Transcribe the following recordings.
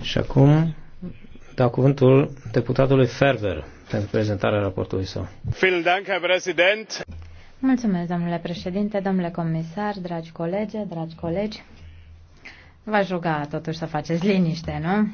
Și acum dau cuvântul deputatului Ferver pentru prezentarea raportului său. Mulțumesc, domnule președinte, domnule comisar, dragi colegi, dragi colegi. V-aș ruga totuși să faceți liniște, nu?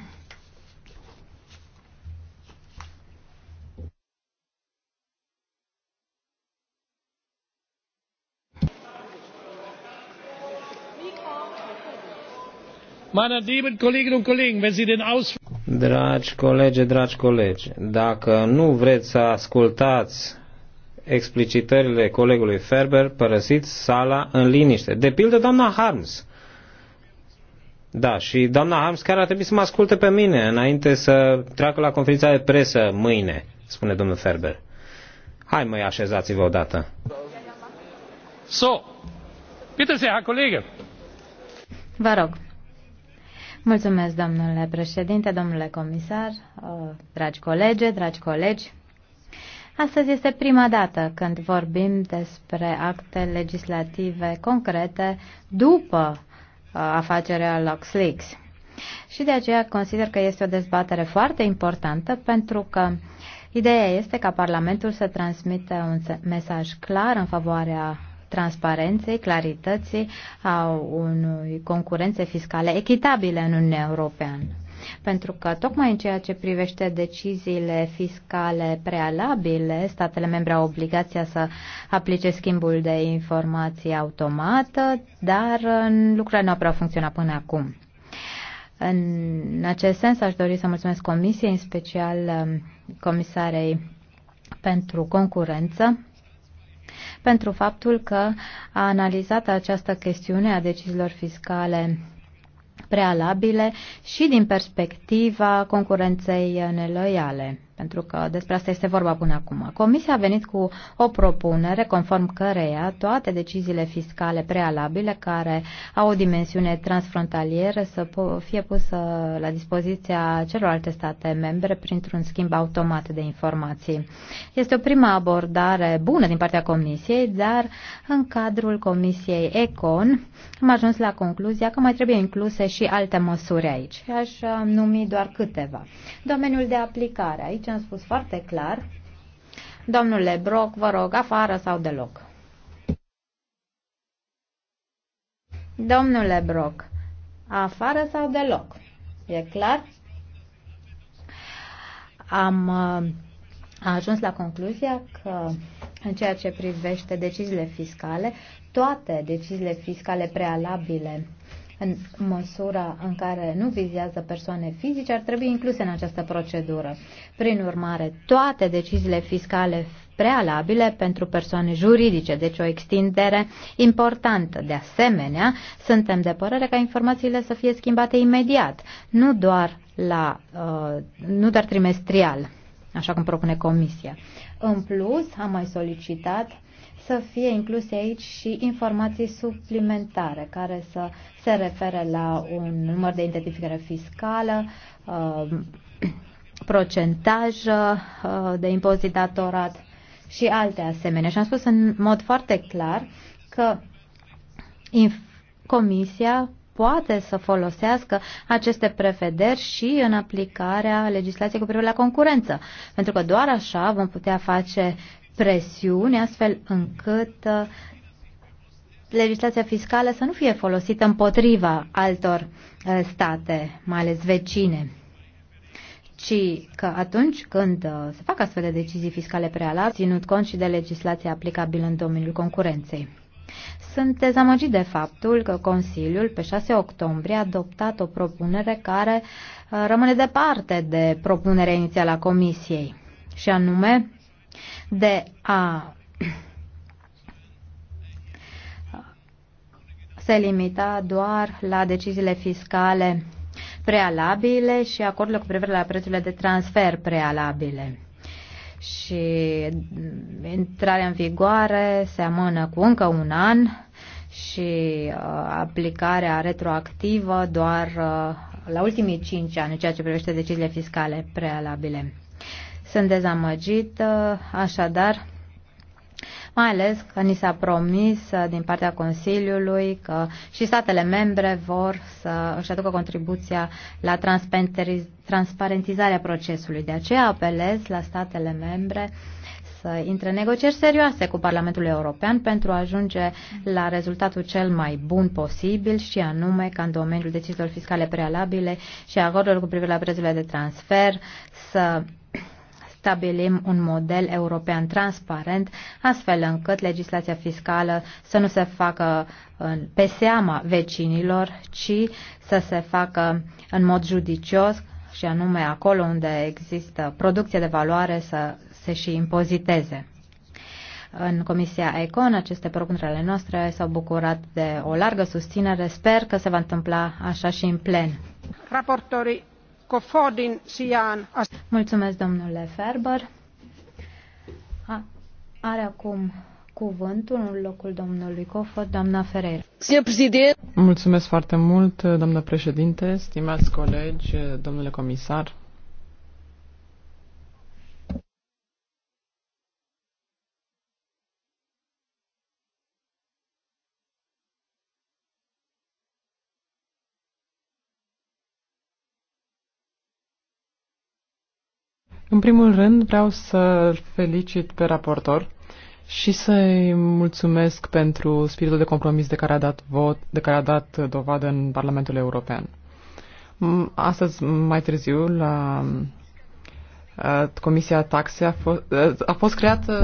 Dragi colegi, dragi colegi, dacă nu vreți să ascultați explicitările colegului Ferber, părăsiți sala în liniște. De pildă, doamna Harms. Da, și doamna Harms chiar ar trebui să mă asculte pe mine înainte să treacă la conferința de presă mâine, spune domnul Ferber. Hai mai așezați-vă odată. So, bitte sehr, Herr Kollege. Vă rog. Mulțumesc, domnule președinte, domnule comisar, uh, dragi colege, dragi colegi. Astăzi este prima dată când vorbim despre acte legislative concrete după uh, afacerea LuxLeaks. Și de aceea consider că este o dezbatere foarte importantă pentru că ideea este ca Parlamentul să transmită un mesaj clar în favoarea transparenței, clarității, a unui concurențe fiscale echitabile în Uniunea Europeană. Pentru că tocmai în ceea ce privește deciziile fiscale prealabile, statele membre au obligația să aplice schimbul de informații automată, dar lucrurile nu au prea funcționat până acum. În acest sens aș dori să mulțumesc Comisiei, în special um, Comisarei pentru Concurență, pentru faptul că a analizat această chestiune a deciziilor fiscale prealabile și din perspectiva concurenței neloiale pentru că despre asta este vorba până acum. Comisia a venit cu o propunere conform căreia toate deciziile fiscale prealabile care au o dimensiune transfrontalieră să fie pusă la dispoziția celorlalte state membre printr-un schimb automat de informații. Este o prima abordare bună din partea Comisiei, dar în cadrul Comisiei ECON am ajuns la concluzia că mai trebuie incluse și alte măsuri aici. Aș numi doar câteva. Domeniul de aplicare. Aici ce am spus foarte clar. Domnule Broc, vă rog, afară sau deloc. Domnule Broc, afară sau deloc? E clar? Am a uh, ajuns la concluzia că în ceea ce privește deciziile fiscale, toate deciziile fiscale prealabile în măsura în care nu vizează persoane fizice, ar trebui incluse în această procedură. Prin urmare, toate deciziile fiscale prealabile pentru persoane juridice, deci o extindere importantă. De asemenea, suntem de părere ca informațiile să fie schimbate imediat, nu doar, la, uh, nu doar trimestrial, așa cum propune Comisia. În plus, am mai solicitat să fie incluse aici și informații suplimentare care să se refere la un număr de identificare fiscală, uh, procentaj uh, de impozit datorat și alte asemenea. Și am spus în mod foarte clar că Comisia poate să folosească aceste prevederi și în aplicarea legislației cu privire la concurență. Pentru că doar așa vom putea face presiuni, astfel încât uh, legislația fiscală să nu fie folosită împotriva altor uh, state, mai ales vecine, ci că atunci când uh, se fac astfel de decizii fiscale prealabile, ținut cont și de legislația aplicabilă în domeniul concurenței. Sunt dezamăgit de faptul că Consiliul pe 6 octombrie a adoptat o propunere care rămâne departe de propunerea inițială a Comisiei, și anume de a se limita doar la deciziile fiscale prealabile și acordurile cu privire la prețurile de transfer prealabile. Și intrarea în vigoare se amână cu încă un an și uh, aplicarea retroactivă doar uh, la ultimii cinci ani, ceea ce privește deciziile fiscale prealabile. Sunt dezamăgită, așadar, mai ales că ni s-a promis uh, din partea Consiliului că și statele membre vor să își aducă contribuția la transparentizarea procesului. De aceea apelez la statele membre să intre negocieri serioase cu Parlamentul European pentru a ajunge la rezultatul cel mai bun posibil și anume ca în domeniul deciziilor fiscale prealabile și acordurilor cu privire la prețurile de transfer să stabilim un model european transparent, astfel încât legislația fiscală să nu se facă uh, pe seama vecinilor, ci să se facă în mod judicios și anume acolo unde există producție de valoare să se și impoziteze. În Comisia ECON, aceste propuneri ale noastre s-au bucurat de o largă susținere. Sper că se va întâmpla așa și în plen. Raportorii Mulțumesc, domnule Ferber. A, are acum cuvântul în locul domnului Cofod, doamna Ferreira. Mulțumesc foarte mult, doamnă președinte, stimați colegi, domnule comisar. În primul rând vreau să felicit pe raportor și să-i mulțumesc pentru spiritul de compromis de care a dat, vot, de care a dat dovadă în Parlamentul European. Astăzi, mai târziu, la Comisia Taxe a fost, a fost creată,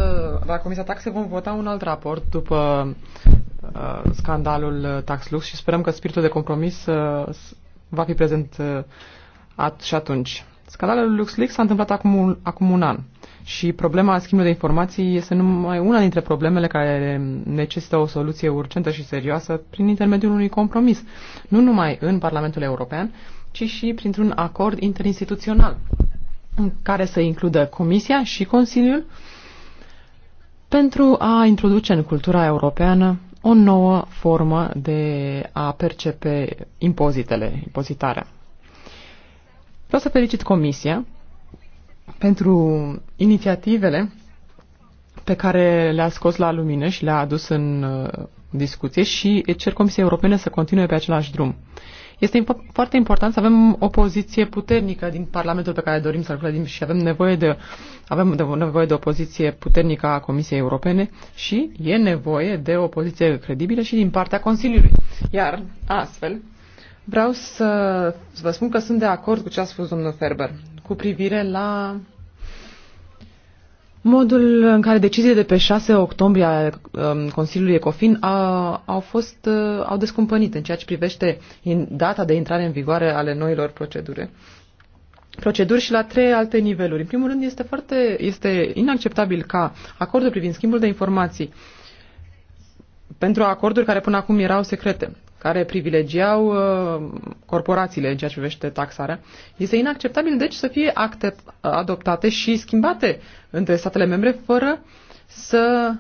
la Comisia Taxe vom vota un alt raport după scandalul TaxLux și sperăm că spiritul de compromis va fi prezent at- și atunci. Scandalul LuxLeaks s-a întâmplat acum un, acum un an și problema schimbului de informații este numai una dintre problemele care necesită o soluție urgentă și serioasă prin intermediul unui compromis, nu numai în Parlamentul European, ci și printr-un acord interinstituțional în care să includă Comisia și Consiliul pentru a introduce în cultura europeană o nouă formă de a percepe impozitele, impozitarea. Vreau să felicit Comisia pentru inițiativele pe care le-a scos la lumină și le-a adus în uh, discuție și cer Comisiei Europene să continue pe același drum. Este impo- foarte important să avem o poziție puternică din Parlamentul pe care dorim să-l clădim și avem nevoie de, avem de, nevoie de o poziție puternică a Comisiei Europene și e nevoie de o poziție credibilă și din partea Consiliului. Iar astfel, Vreau să vă spun că sunt de acord cu ce a spus domnul Ferber cu privire la modul în care deciziile de pe 6 octombrie a um, Consiliului Ecofin a, au fost uh, au descumpănit în ceea ce privește data de intrare în vigoare ale noilor procedure proceduri și la trei alte niveluri. În primul rând, este, foarte, este inacceptabil ca acordul privind schimbul de informații pentru acorduri care până acum erau secrete care privilegiau uh, corporațiile în ceea ce privește taxarea. Este inacceptabil, deci, să fie acte uh, adoptate și schimbate între statele membre fără să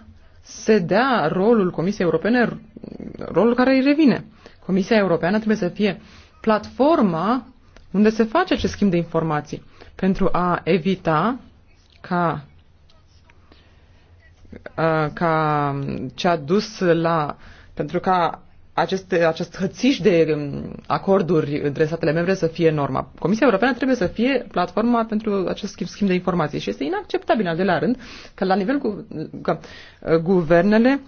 se dea rolul Comisiei Europene, rolul care îi revine. Comisia Europeană trebuie să fie platforma unde se face acest schimb de informații pentru a evita ca uh, ca ce a dus la pentru ca acest, acest hățiș de um, acorduri între statele membre să fie norma. Comisia Europeană trebuie să fie platforma pentru acest schimb, schimb de informații și este inacceptabil, al doilea rând, că la nivel cu, că, uh, guvernele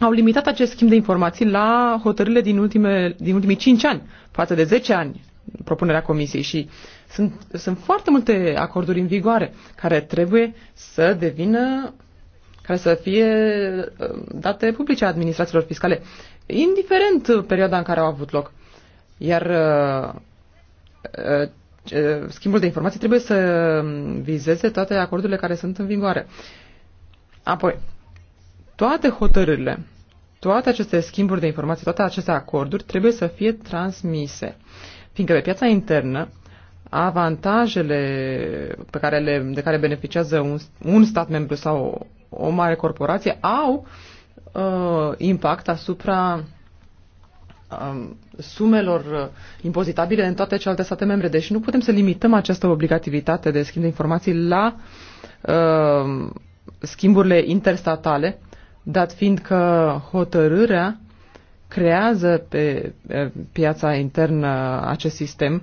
au limitat acest schimb de informații la hotărârile din, ultime, din ultimii 5 ani, față de 10 ani, propunerea Comisiei și sunt, sunt foarte multe acorduri în vigoare care trebuie să devină care să fie uh, date publice a administrațiilor fiscale indiferent perioada în care au avut loc. Iar uh, uh, schimbul de informații trebuie să vizeze toate acordurile care sunt în vigoare. Apoi, toate hotărârile, toate aceste schimburi de informații, toate aceste acorduri trebuie să fie transmise. Fiindcă pe piața internă, avantajele pe care le, de care beneficiază un, un stat membru sau o, o mare corporație au uh, uh, impact asupra um, sumelor uh, impozitabile în toate celelalte state membre. Deci nu putem să limităm această obligativitate de schimb de informații la uh, schimburile interstatale, dat fiind că hotărârea creează pe uh, piața internă acest sistem uh,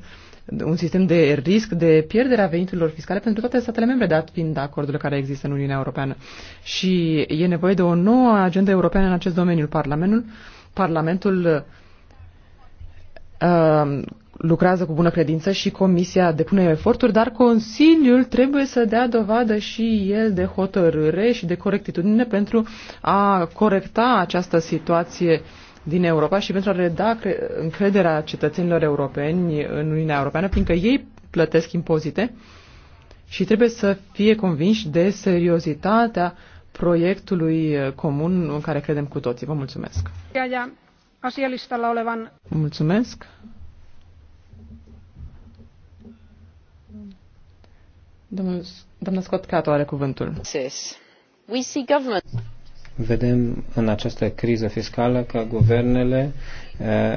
un sistem de risc de pierdere a veniturilor fiscale pentru toate statele membre, dat fiind acordurile care există în Uniunea Europeană. Și e nevoie de o nouă agendă europeană în acest domeniu. Parlamentul, Parlamentul uh, lucrează cu bună credință și Comisia depune eforturi, dar Consiliul trebuie să dea dovadă și el de hotărâre și de corectitudine pentru a corecta această situație uh, din Europa și pentru a reda încrederea cetățenilor europeni în Uniunea Europeană, fiindcă ei plătesc impozite și trebuie să fie convinși de seriozitatea proiectului comun în care credem cu toții. Vă mulțumesc! Mulțumesc! Domnul, doamna Scott Cato are cuvântul. We see government vedem în această criză fiscală că guvernele eh,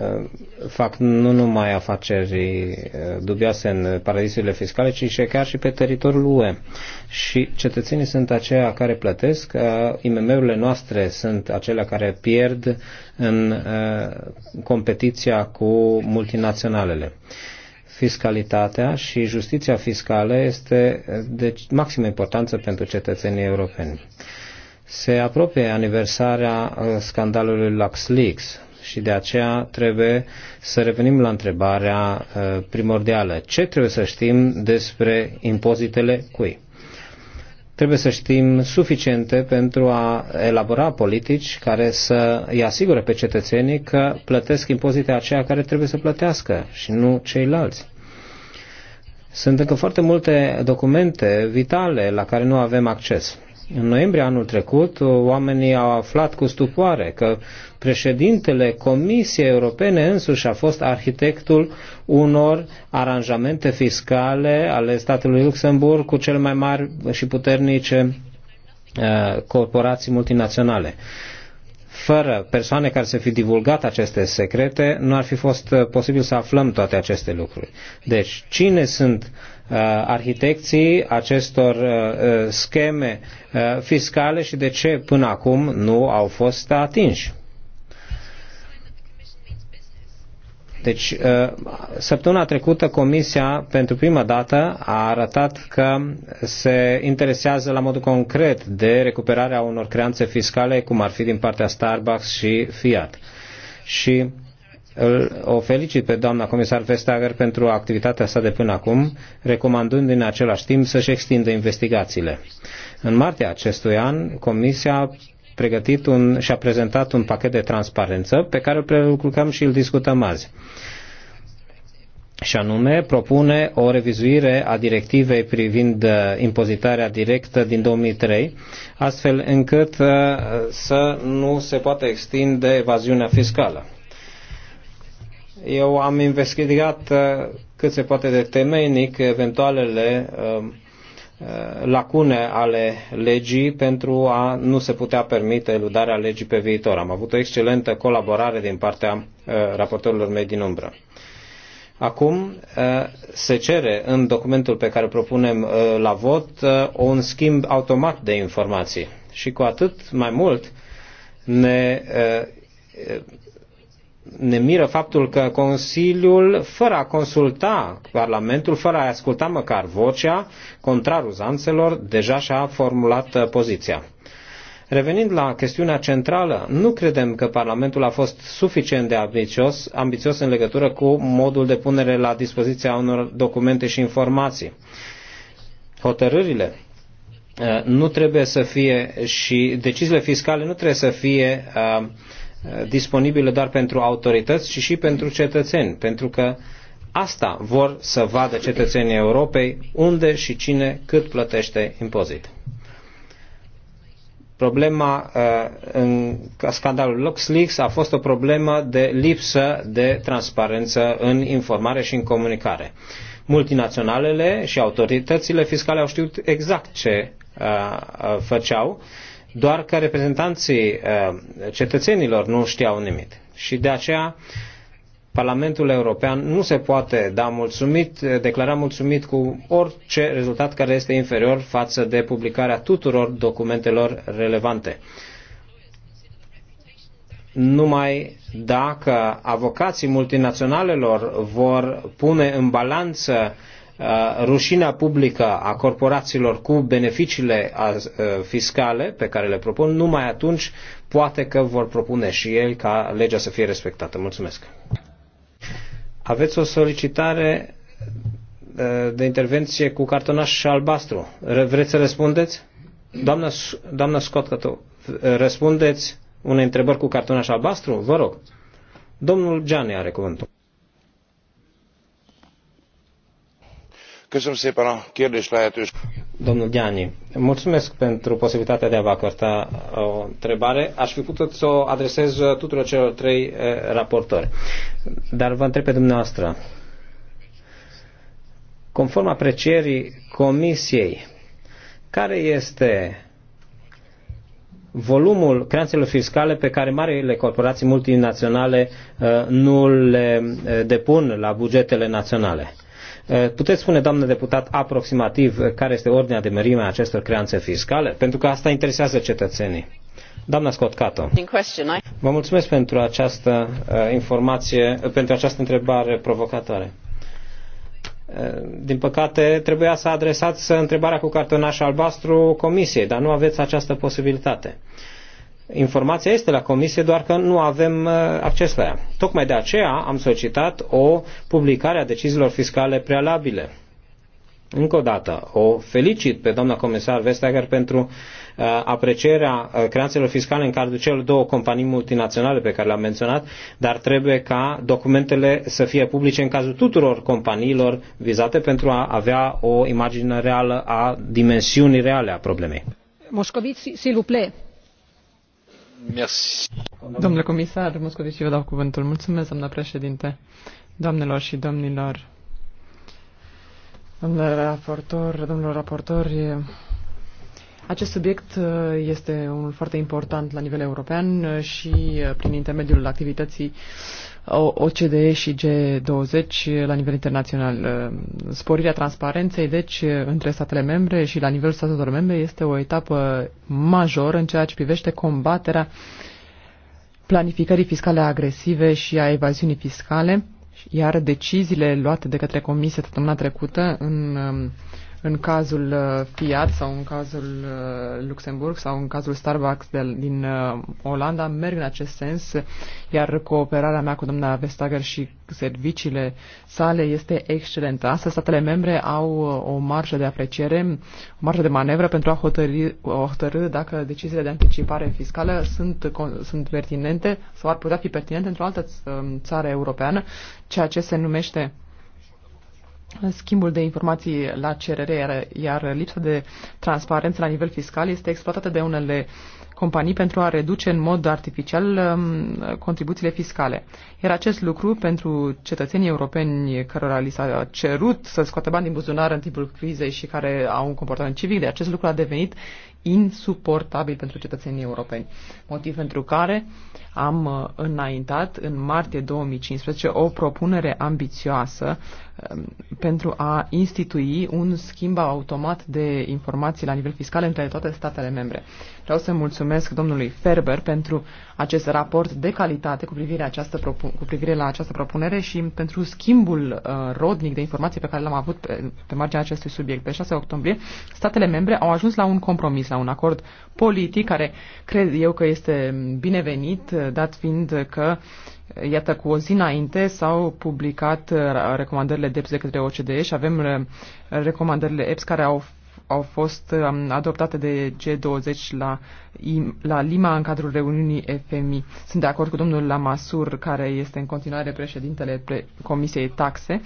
eh, fac nu numai afaceri eh, dubioase în paradisurile fiscale, ci și chiar și pe teritoriul UE. Și cetățenii sunt aceia care plătesc, IMM-urile noastre sunt acelea care pierd în competiția cu multinaționalele. Fiscalitatea și justiția fiscală este de deci, maximă importanță pentru cetățenii europeni se apropie aniversarea uh, scandalului LuxLeaks și de aceea trebuie să revenim la întrebarea uh, primordială. Ce trebuie să știm despre impozitele cui? Trebuie să știm suficiente pentru a elabora politici care să îi asigure pe cetățenii că plătesc impozite aceia care trebuie să plătească și nu ceilalți. Sunt încă foarte multe documente vitale la care nu avem acces. În noiembrie anul trecut, oamenii au aflat cu stupoare că președintele Comisiei Europene însuși a fost arhitectul unor aranjamente fiscale ale statului Luxemburg cu cele mai mari și puternice uh, corporații multinaționale. Fără persoane care să fi divulgat aceste secrete, nu ar fi fost uh, posibil să aflăm toate aceste lucruri. Deci, cine sunt uh, Uh, arhitecții acestor uh, uh, scheme fiscale și de ce până acum nu au fost atinși. Deci, săptămâna trecută Comisia, pentru prima dată, a arătat că se interesează la modul concret de recuperarea unor creanțe fiscale, cum ar fi din partea Starbucks și Fiat. Și uh, îl, o felicit pe doamna comisar Vestager pentru activitatea sa de până acum, recomandând în același timp să-și extindă investigațiile. În martie acestui an, Comisia pregătit un, și-a prezentat un pachet de transparență pe care îl prelucrăm și îl discutăm azi. Și anume, propune o revizuire a directivei privind uh, impozitarea directă din 2003, astfel încât uh, să nu se poată extinde evaziunea fiscală. Eu am investigat uh, cât se poate de temeinic eventualele um, uh, lacune ale legii pentru a nu se putea permite eludarea legii pe viitor. Am avut o excelentă colaborare din partea uh, raportorilor mei din umbră. Acum se cere în documentul pe care propunem la vot un schimb automat de informații și cu atât mai mult ne ne miră faptul că Consiliul, fără a consulta Parlamentul, fără a asculta măcar vocea, contrar uzanțelor, deja și-a formulat uh, poziția. Revenind la chestiunea centrală, nu credem că Parlamentul a fost suficient de ambițios, ambițios în legătură cu modul de punere la dispoziția unor documente și informații. Hotărârile uh, nu trebuie să fie și deciziile fiscale nu trebuie să fie uh, disponibile doar pentru autorități, ci și pentru cetățeni, pentru că asta vor să vadă cetățenii Europei unde și cine cât plătește impozit. Problema uh, în scandalul LuxLeaks a fost o problemă de lipsă de transparență în informare și în comunicare. Multinaționalele și autoritățile fiscale au știut exact ce uh, uh, făceau doar că reprezentanții uh, cetățenilor nu știau nimic. Și de aceea Parlamentul European nu se poate da mulțumit, declara mulțumit cu orice rezultat care este inferior față de publicarea tuturor documentelor relevante. Numai dacă avocații multinaționalelor vor pune în balanță uh, Uh, rușinea publică a corporațiilor cu beneficiile uh, fiscale pe care le propun, numai atunci poate că vor propune și el ca legea să fie respectată. Mulțumesc. Aveți o solicitare uh, de intervenție cu cartonaș și albastru. Vreți să răspundeți? Doamna, doamna Scott, că tu răspundeți unei întrebări cu cartonaș albastru? Vă rog. Domnul Gianni are cuvântul. Domnul Gianni, mulțumesc pentru posibilitatea de a vă acorda o întrebare. Aș fi putut să o adresez tuturor celor trei eh, raportori. Dar vă întreb pe dumneavoastră, conform aprecierii Comisiei, care este volumul creanțelor fiscale pe care marile corporații multinaționale eh, nu le eh, depun la bugetele naționale? Eh, puteți spune, doamnă deputat, aproximativ eh, care este ordinea de mărime a acestor creanțe fiscale? Pentru că asta interesează cetățenii. Doamna Scott Cato, vă mulțumesc pentru această eh, informație, pentru această întrebare provocatoare. Din păcate, trebuia să adresați întrebarea cu cartonaș albastru comisiei, dar nu aveți această posibilitate informația este la comisie, doar că nu avem uh, acces la ea. Tocmai de aceea am solicitat o publicare a deciziilor fiscale prealabile. Încă o dată, o felicit pe doamna comisar Vestager pentru uh, aprecierea uh, creanțelor fiscale în cadrul celor două companii multinaționale pe care le-am menționat, dar trebuie ca documentele să fie publice în cazul tuturor companiilor vizate pentru a avea o imagine reală a dimensiunii reale a problemei. Moscovici, s'il vous plaît. Merci. Domnule comisar Moscovici, vă dau cuvântul. Mulțumesc, doamna președinte. Doamnelor și domnilor, domnule raportor, domnilor raportori, acest subiect uh, este unul foarte important la nivel european uh, și uh, prin intermediul activității OCDE și G20 la nivel internațional. Uh, sporirea transparenței, deci, uh, între statele membre și la nivelul statelor membre este o etapă majoră în ceea ce privește combaterea planificării fiscale agresive și a evaziunii fiscale, iar deciziile luate de către Comisie săptămâna trecută în um, în cazul uh, Fiat sau în cazul uh, Luxemburg sau în cazul Starbucks de, din uh, Olanda merg în acest sens, iar cooperarea mea cu doamna Vestager și serviciile sale este excelentă. Asta statele membre au o marjă de apreciere, o marjă de manevră pentru a hotărâ, hotărâ dacă deciziile de anticipare fiscală sunt, sunt pertinente sau ar putea fi pertinente într-o altă țară europeană, ceea ce se numește schimbul de informații la cerere, iar, iar lipsa de transparență la nivel fiscal este exploatată de unele companii pentru a reduce în mod artificial um, contribuțiile fiscale. Iar acest lucru pentru cetățenii europeni cărora li s-a cerut să scoată bani din buzunar în timpul crizei și care au un comportament civic, de acest lucru a devenit insuportabil pentru cetățenii europeni. Motiv pentru care am uh, înaintat în martie 2015 o propunere ambițioasă um, pentru a institui un schimb automat de informații la nivel fiscal între toate statele membre. Vreau să mulțumesc domnului Ferber pentru acest raport de calitate cu privire, această cu privire la această propunere și pentru schimbul uh, rodnic de informații pe care l-am avut pe, pe marginea acestui subiect. Pe 6 octombrie, statele membre au ajuns la un compromis la un acord politic care cred eu că este binevenit, dat fiind că Iată, cu o zi înainte s-au publicat uh, recomandările DEPS de către OCDE și avem uh, recomandările EPS care au au fost um, adoptate de G20 la, la Lima în cadrul reuniunii FMI. Sunt de acord cu domnul Lamasur, care este în continuare președintele Comisiei Taxe,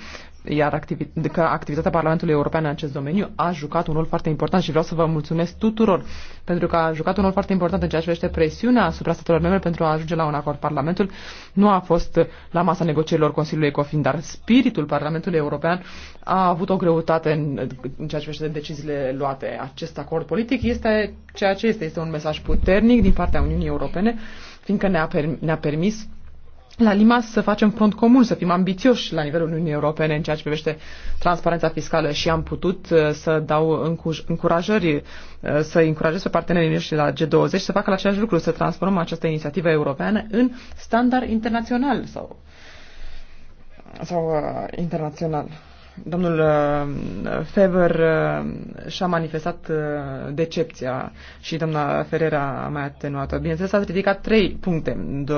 iar activi- că activitatea Parlamentului European în acest domeniu a jucat un rol foarte important și vreau să vă mulțumesc tuturor pentru că a jucat un rol foarte important în ceea ce privește presiunea asupra statelor membre pentru a ajunge la un acord. Parlamentul nu a fost la masa negocierilor Consiliului Ecofin, dar spiritul Parlamentului European a avut o greutate în, în ceea ce privește deciziile luate. Acest acord politic este ceea ce este, este un mesaj puternic din partea Uniunii Europene, fiindcă ne-a, per- ne-a permis la Lima să facem front comun, să fim ambițioși la nivelul Uniunii Europene în ceea ce privește transparența fiscală și am putut uh, să dau încurajări, uh, să încurajez pe partenerii noștri la G20 să facă la același lucru, să transformăm această inițiativă europeană în standard internațional sau, sau uh, internațional. Domnul uh, Fever uh, și-a manifestat uh, decepția și doamna Ferrera a mai atenuat-o. Bineînțeles, a ridicat trei puncte. De,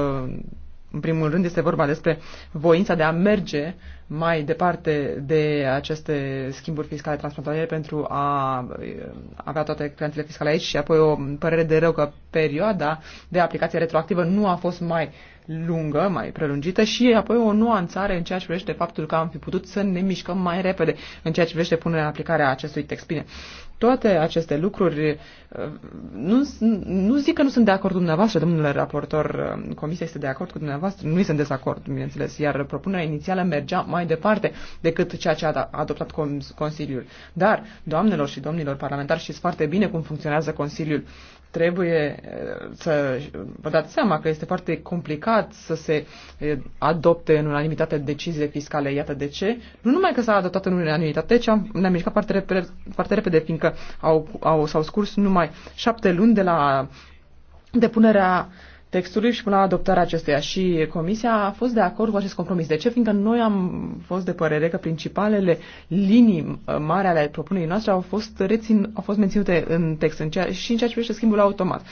în primul rând, este vorba despre voința de a merge mai departe de aceste schimburi fiscale transfrontaliere pentru a eh, avea toate creanțele fiscale aici și apoi o părere de rău că perioada de aplicație retroactivă nu a fost mai lungă, mai prelungită și apoi o nuanțare în ceea ce privește faptul că am fi putut să ne mișcăm mai repede în ceea ce privește punerea în aplicare a acestui text. Bine, toate aceste lucruri, uh, nu, nu zic că nu sunt de acord cu dumneavoastră, domnule raportor, uh, comisia este de acord cu dumneavoastră, nu sunt în dezacord, bineînțeles, iar propunerea inițială mergea mai departe decât ceea ce a da-, adoptat Consiliul. Dar, doamnelor și domnilor parlamentari, știți foarte bine cum funcționează Consiliul trebuie eh, să vă dați seama că este foarte complicat să se eh, adopte în unanimitate deciziile fiscale. Iată de ce. Nu numai că s-a adoptat în unanimitate, ci am, ne-am mișcat foarte repede, foarte repede fiindcă au, au, s-au scurs numai șapte luni de la depunerea uh, textului și până la adoptarea acesteia Și Comisia a fost de acord cu acest compromis. De ce? Fiindcă noi am fost de părere că principalele linii mari ale propunerii noastre au fost, rețin, au fost menținute în text în ceea, și în ceea ce privește schimbul automat,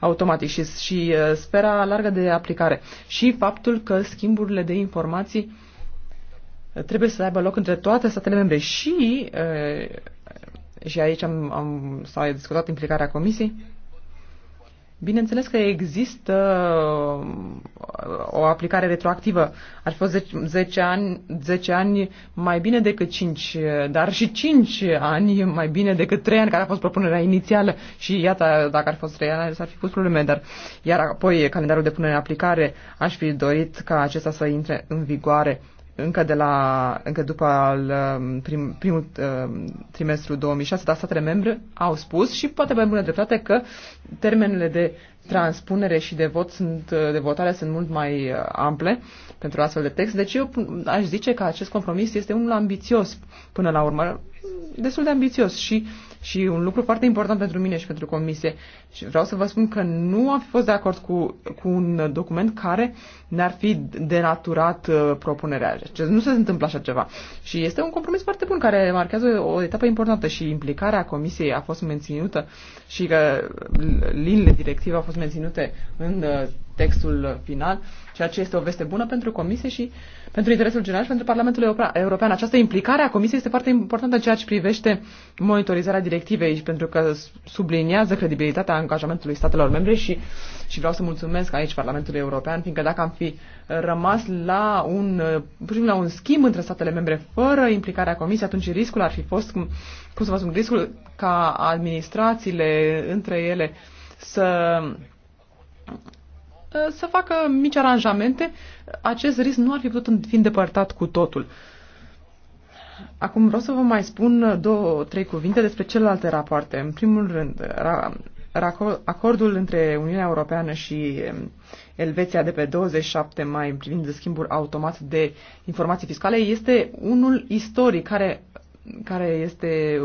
automatic și, și uh, spera largă de aplicare. Și faptul că schimburile de informații uh, trebuie să aibă loc între toate statele membre și, uh, și aici am, am, s-a discutat implicarea Comisiei, Bineînțeles că există uh, o aplicare retroactivă. Ar fi fost 10 ani, 10 ani mai bine decât 5, dar și 5 ani mai bine decât 3 ani care a fost propunerea inițială și iată, dacă ar fi fost 3 ani s-ar fi pus probleme, dar iar apoi calendarul de punere în aplicare aș fi dorit ca acesta să intre în vigoare încă, de la, încă după al, um, prim, primul uh, trimestru 2006, dar statele membre au spus și poate mai bună dreptate că termenele de transpunere și de vot sunt, uh, de votare sunt mult mai uh, ample pentru astfel de text. Deci eu aș zice că acest compromis este unul ambițios până la urmă, destul de ambițios și uh, și un lucru foarte important pentru mine și pentru comisie. Și vreau să vă spun că nu am fi fost de acord cu, cu un document care ne-ar fi denaturat uh, propunerea. Deci nu se întâmplă așa ceva. Și este un compromis foarte bun care marchează o etapă importantă și implicarea comisiei a fost menținută și că linile directive au fost menținute în uh, textul final. Uh, ceea ce este o veste bună pentru Comisie și pentru interesul general și pentru Parlamentul European. Această implicare a Comisiei este foarte importantă în ceea ce privește monitorizarea directivei, pentru că subliniază credibilitatea angajamentului statelor membre și, și vreau să mulțumesc aici Parlamentului European, fiindcă dacă am fi rămas la un, la un schimb între statele membre fără implicarea Comisiei, atunci riscul ar fi fost, cum, cum să vă spun, riscul ca administrațiile între ele să Eh, să facă mici aranjamente, acest risc nu ar fi putut fi îndepărtat cu totul. Acum vreau să vă mai spun două, trei cuvinte despre celelalte rapoarte. În primul rând, acordul între Uniunea Europeană și eh, Elveția de pe 27 mai privind schimbul automat de informații fiscale este unul istoric care, care, este,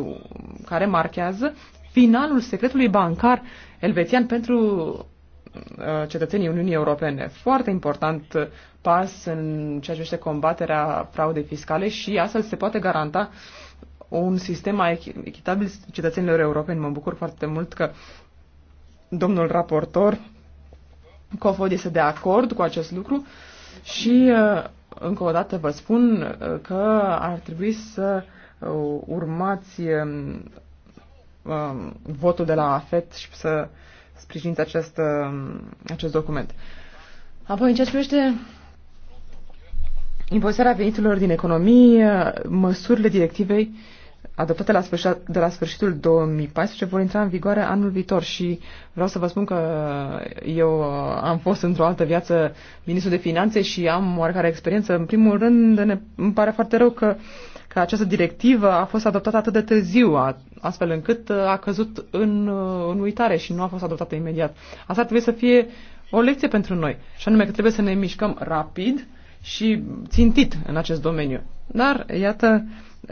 care marchează finalul secretului bancar elvețian pentru cetățenii Uniunii Europene. Foarte important pas în ceea ce este combaterea fraudei fiscale și astfel se poate garanta un sistem mai echitabil cetățenilor europeni. Mă bucur foarte mult că domnul raportor COFOD este de acord cu acest lucru și uh, încă o dată vă spun uh, că ar trebui să uh, urmați um, um, votul de la AFET și să sprijiniți acest, um, acest document. Apoi, în ceea ce privește impozitarea veniturilor din economie, măsurile directivei adoptate la sfârșit, de la sfârșitul 2014 vor intra în vigoare anul viitor și vreau să vă spun că eu am fost într-o altă viață ministru de finanțe și am oarecare experiență. În primul rând, ne, îmi pare foarte rău că uh, că această directivă a fost adoptată atât de târziu, astfel încât uh, a căzut în, uh, în uitare și nu a fost adoptată imediat. Asta trebuie să fie o lecție pentru noi, și anume că trebuie să ne mișcăm rapid și țintit în acest domeniu. Dar, iată,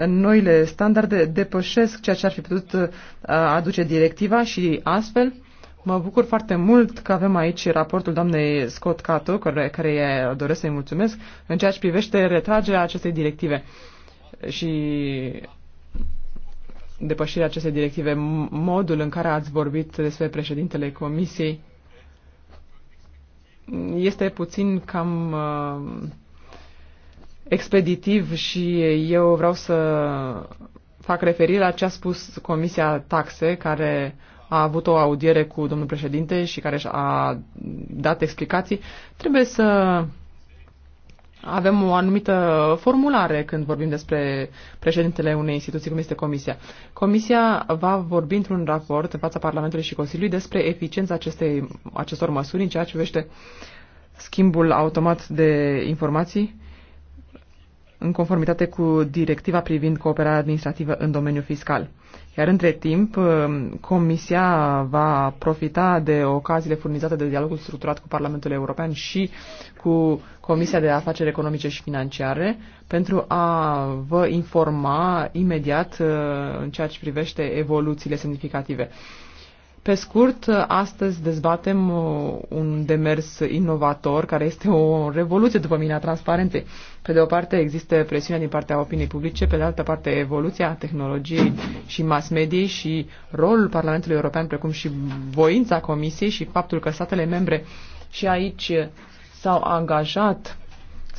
noile standarde depășesc ceea ce ar fi putut uh, aduce directiva și astfel Mă bucur foarte mult că avem aici raportul doamnei Scott Cato, care, care doresc să-i mulțumesc, în ceea ce privește retragerea acestei directive și depășirea acestei directive, modul în care ați vorbit despre președintele Comisiei este puțin cam uh, expeditiv și eu vreau să fac referire la ce a spus Comisia Taxe, care a avut o audiere cu domnul președinte și care a dat explicații. Trebuie să avem o anumită formulare când vorbim despre președintele unei instituții, cum este Comisia. Comisia va vorbi într-un raport în fața Parlamentului și Consiliului despre eficiența acestei, acestor măsuri în ceea ce vește schimbul automat de informații în conformitate cu directiva privind cooperarea administrativă în domeniul fiscal. Iar între timp, uh, Comisia va profita de ocaziile furnizate de dialogul structurat cu Parlamentul European și cu Comisia de Afaceri Economice și Financiare pentru a vă informa imediat uh, în ceea ce privește evoluțiile semnificative. Pe scurt, astăzi dezbatem uh, un demers inovator, care este o revoluție, după mine, a transparentei. Pe de o parte există presiunea din partea opiniei publice, pe de altă parte evoluția tehnologiei și mass mediei și rolul Parlamentului European, precum și voința Comisiei și faptul că statele membre și aici s-au angajat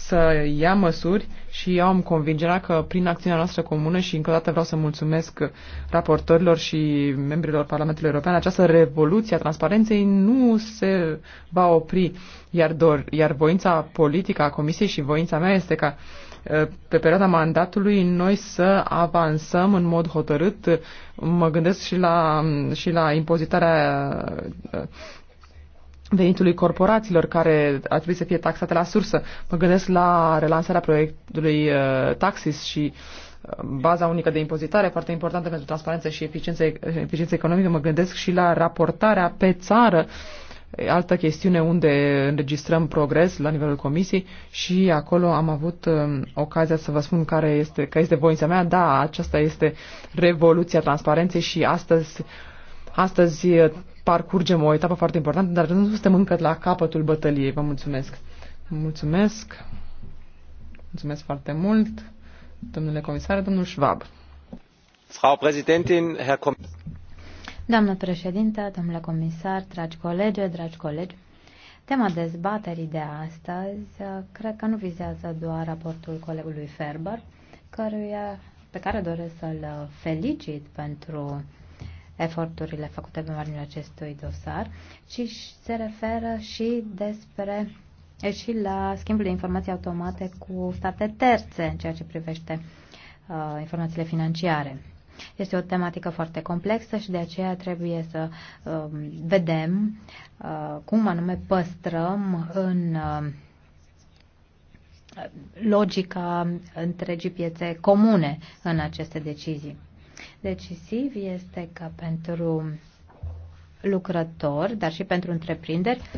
să ia măsuri și eu am convingerea că prin acțiunea noastră comună și încă o dată vreau să mulțumesc raportorilor și membrilor Parlamentului European, această revoluție a transparenței nu se va opri, iar, dor, iar voința politică a Comisiei și voința mea este ca eh, pe perioada mandatului noi să avansăm în mod hotărât. Mă gândesc și la, și la impozitarea eh, venitului corporațiilor care ar trebui să fie taxate la sursă. Mă gândesc la relansarea proiectului uh, Taxis și uh, baza unică de impozitare, foarte importantă pentru transparență și eficiență, eficiență economică. Mă gândesc și la raportarea pe țară, altă chestiune unde înregistrăm progres la nivelul comisiei și acolo am avut uh, ocazia să vă spun care este, care este voința mea. Da, aceasta este revoluția transparenței și astăzi Astăzi parcurgem o etapă foarte importantă, dar nu suntem încă la capătul bătăliei. Vă mulțumesc. Mulțumesc. Mulțumesc foarte mult, domnule comisar, domnul Schwab. Frau Präsidentin, Herr Com Doamnă președintă, domnule comisar, dragi colegi, dragi colegi, tema dezbaterii de astăzi cred că nu vizează doar raportul colegului Ferber, căruia, pe care doresc să-l felicit pentru eforturile făcute pe marginea acestui dosar, ci se referă și despre și la schimbul de informații automate cu state terțe în ceea ce privește uh, informațiile financiare. Este o tematică foarte complexă și de aceea trebuie să uh, vedem uh, cum anume păstrăm în uh, logica întregii piețe comune în aceste decizii. Decisiv este că pentru lucrători, dar și pentru întreprinderi,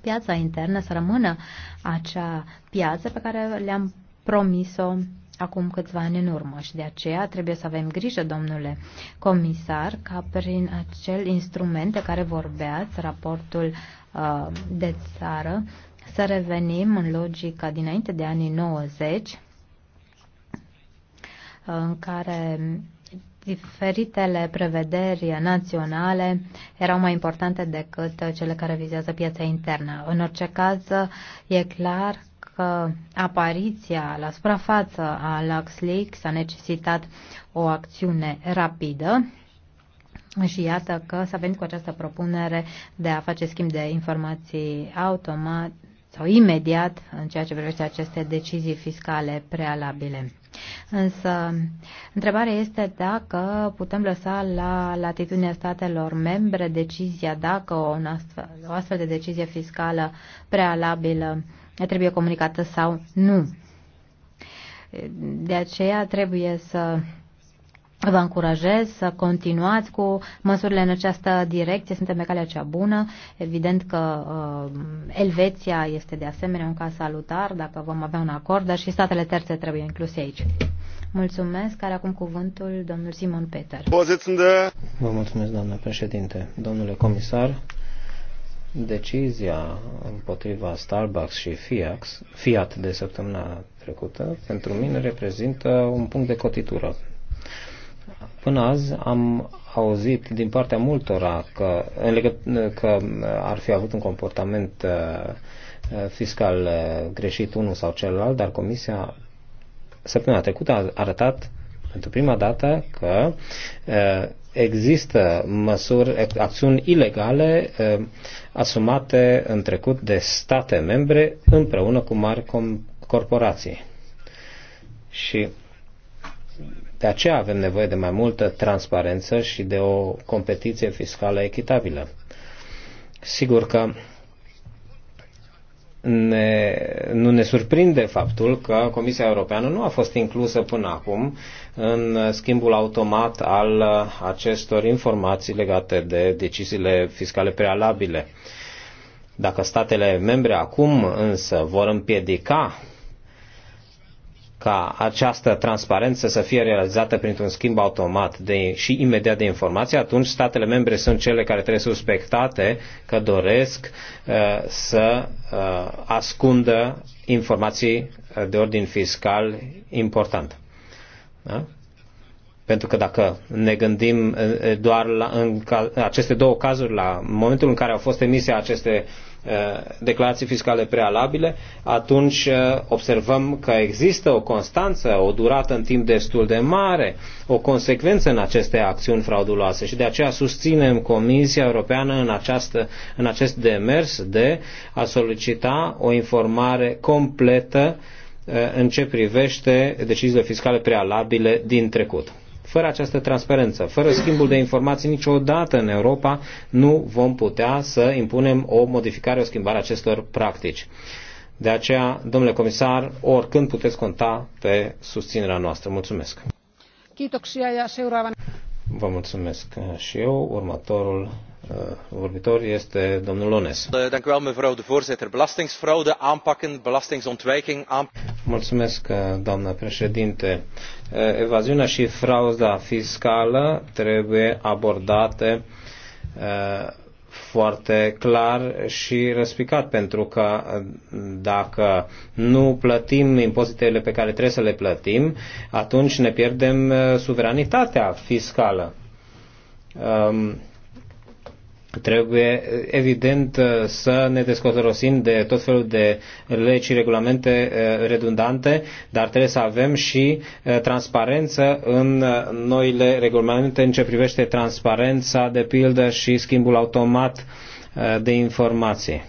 piața internă să rămână acea piață pe care le-am promis-o acum câțiva ani în urmă și de aceea trebuie să avem grijă, domnule comisar, ca prin acel instrument de care vorbeați, raportul uh, de țară, să revenim în logica dinainte de anii 90 în care diferitele prevederi naționale erau mai importante decât cele care vizează piața internă. În orice caz, e clar că apariția la suprafață a LuxLeaks a necesitat o acțiune rapidă și iată că s-a venit cu această propunere de a face schimb de informații automat sau imediat în ceea ce privește aceste decizii fiscale prealabile. Însă, întrebarea este dacă putem lăsa la latitudinea statelor membre decizia dacă o astfel, o astfel de decizie fiscală prealabilă trebuie comunicată sau nu. De aceea trebuie să Vă încurajez să continuați cu măsurile în această direcție. Suntem pe calea cea bună. Evident că uh, Elveția este de asemenea un caz salutar dacă vom avea un acord, dar și statele terțe trebuie incluse aici. Mulțumesc. Are acum cuvântul domnul Simon Peter. Vă mulțumesc, doamnă președinte. Domnule comisar, decizia împotriva Starbucks și Fiat de săptămâna trecută pentru mine reprezintă un punct de cotitură Până azi am auzit din partea multora că, în legăt- că ar fi avut un comportament uh, uh, fiscal uh, greșit unul sau celălalt, dar Comisia săptămâna trecută a arătat pentru prima dată că există măsuri, acțiuni ilegale asumate în trecut de state membre împreună cu mari corporații. Și de aceea avem nevoie de mai multă transparență și de o competiție fiscală echitabilă. Sigur că ne, nu ne surprinde faptul că Comisia Europeană nu a fost inclusă până acum în schimbul automat al acestor informații legate de deciziile fiscale prealabile. Dacă statele membre acum însă vor împiedica ca această transparență să fie realizată printr-un schimb automat de, și imediat de informații, atunci statele membre sunt cele care trebuie suspectate că doresc uh, să uh, ascundă informații uh, de ordin fiscal important. Da? Pentru că dacă ne gândim uh, doar la în, aceste două cazuri, la momentul în care au fost emise aceste Uh, declarații fiscale prealabile, atunci uh, observăm că există o constanță, o durată în timp destul de mare, o consecvență în aceste acțiuni frauduloase și de aceea susținem Comisia Europeană în, această, în acest demers de a solicita o informare completă uh, în ce privește deciziile fiscale prealabile din trecut. Fără această transparență, fără schimbul de informații, niciodată în Europa nu vom putea să impunem o modificare, o schimbare a acestor practici. De aceea, domnule comisar, oricând puteți conta pe susținerea noastră. Mulțumesc! Vă mulțumesc uh, și eu. Următorul uh, vorbitor este domnul Lones. Eh, dank u wel, mevrouw de voorzitter. Belastingsfraude aanpakken, belastingsontwijking aanpakken. Mulțumesc, uh, doamna președinte. Uh, Evaziunea și frauda fiscală trebuie abordate eh, foarte clar și răspicat, pentru că dacă nu plătim impozitele pe care trebuie să le plătim, atunci ne pierdem uh, suveranitatea fiscală. Um, Trebuie, evident, uh, să ne descotorosim de tot felul de legi și regulamente uh, redundante, dar trebuie să avem și uh, transparență în noile regulamente în ce privește transparența, de pildă, și schimbul automat de informații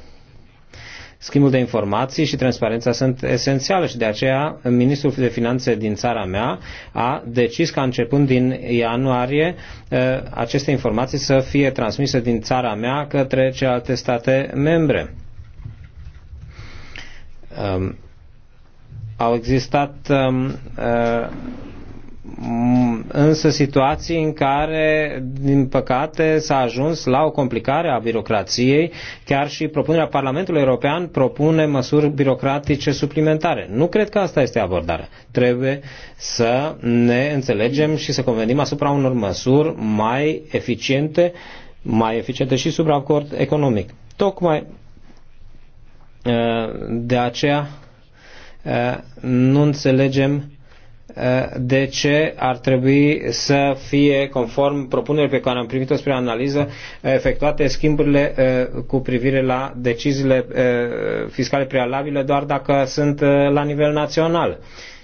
Schimbul de informații și transparența sunt esențiale și de aceea Ministrul de Finanțe din țara mea a decis ca începând din ianuarie eh, aceste informații să fie transmise din țara mea către celelalte state membre au existat eh, Mm, însă situații în care, din păcate, s-a ajuns la o complicare a birocrației, chiar și propunerea Parlamentului European propune măsuri birocratice suplimentare. Nu cred că asta este abordarea. Trebuie să ne înțelegem și să convenim asupra unor măsuri mai eficiente, mai eficiente și sub acord economic. Tocmai eh, de aceea eh, nu înțelegem Eh, de ce ar trebui să fie, conform propunerii pe care am primit-o spre analiză, eh, efectuate schimburile eh, cu privire la deciziile fiscale prealabile doar dacă sunt la nivel național.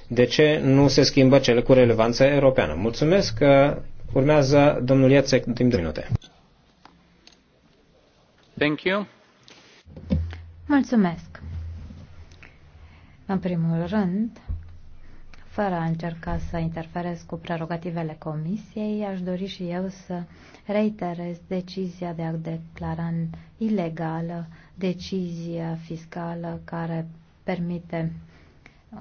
De ce nu se schimbă cele cu relevanță europeană? Mulțumesc. Urmează domnul Iețec timp de minute. Thank you. Mulțumesc. În primul rând, fără a încerca să interferez cu prerogativele comisiei, aș dori și eu să reiterez decizia de a declara în ilegală decizia fiscală care permite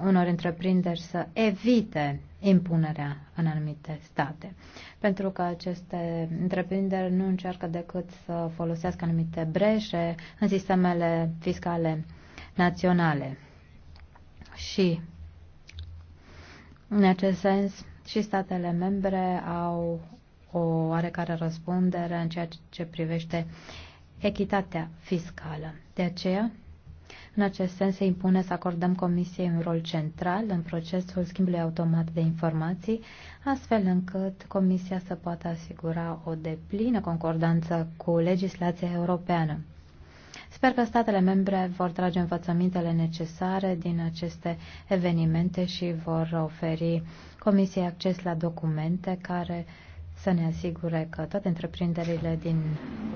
unor întreprinderi să evite impunerea în anumite state. Pentru că aceste întreprinderi nu încearcă decât să folosească anumite breșe în sistemele fiscale naționale. Și în acest sens, și statele membre au o oarecare răspundere în ceea ce privește echitatea fiscală. De aceea, în acest sens, se impune să acordăm Comisiei un rol central în procesul schimbului automat de informații, astfel încât Comisia să poată asigura o deplină concordanță cu legislația europeană. Sper că statele membre vor trage învățămintele necesare din aceste evenimente și vor oferi Comisiei acces la documente care să ne asigure că toate întreprinderile din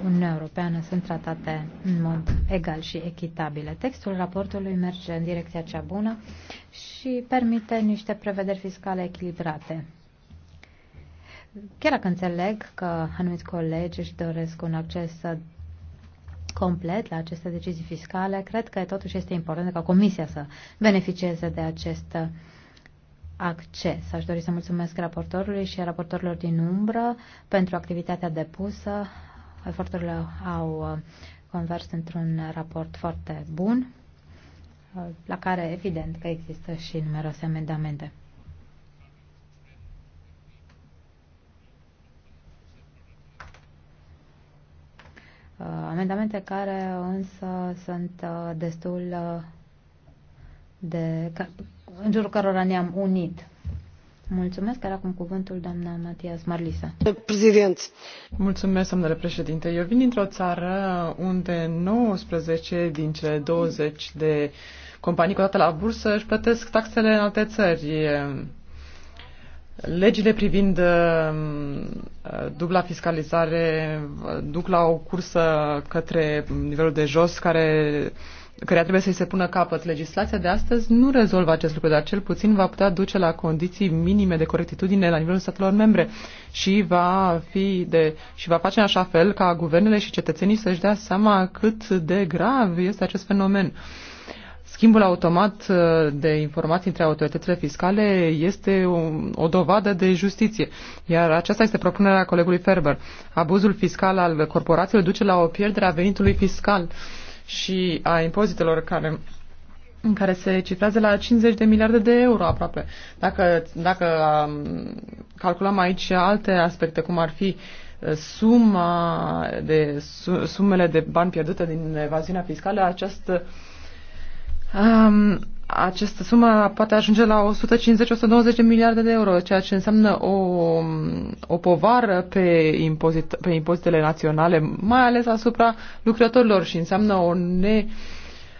Uniunea Europeană sunt tratate în mod egal și echitabil. Textul raportului merge în direcția cea bună și permite niște prevederi fiscale echilibrate. Chiar dacă înțeleg că anumiți colegi își doresc un acces complet la aceste decizii fiscale, cred că totuși este important ca Comisia să beneficieze de acest acces. Aș dori să mulțumesc raportorului și raportorilor din umbră pentru activitatea depusă. Eforturile au uh, convers într-un raport foarte bun, uh, la care evident că există și numeroase amendamente. Uh, amendamente care însă sunt uh, destul uh, de, în jurul cărora ne-am unit. Mulțumesc, era acum cuvântul doamna Matias Marlisa. Prezident. Mulțumesc, domnule președinte. Eu vin dintr-o țară unde 19 din cele 20 de companii cotate la bursă își plătesc taxele în alte țări. Legile privind um, dubla fiscalizare duc la o cursă către nivelul de jos care care trebuie să-i se pună capăt. Legislația de astăzi nu rezolvă acest lucru, dar cel puțin va putea duce la condiții minime de corectitudine la nivelul statelor membre și va, fi de, și va face în așa fel ca guvernele și cetățenii să-și dea seama cât de grav este acest fenomen. Uh, Schimbul automat uh, de informații între autoritățile fiscale este o, o dovadă de justiție, iar aceasta este propunerea colegului Ferber. Abuzul fiscal al corporațiilor duce la o pierdere a venitului fiscal și a impozitelor care în care se cifrează la 50 de miliarde de euro aproape. Dacă, dacă um, calculăm aici alte aspecte, cum ar fi uh, suma de, sumele de bani pierdute din evaziunea fiscală, această uh, Um, această sumă poate ajunge la 150 120 de miliarde de euro, ceea ce înseamnă o, o povară pe, impozit, pe impozitele naționale, mai ales asupra lucrătorilor și înseamnă o ne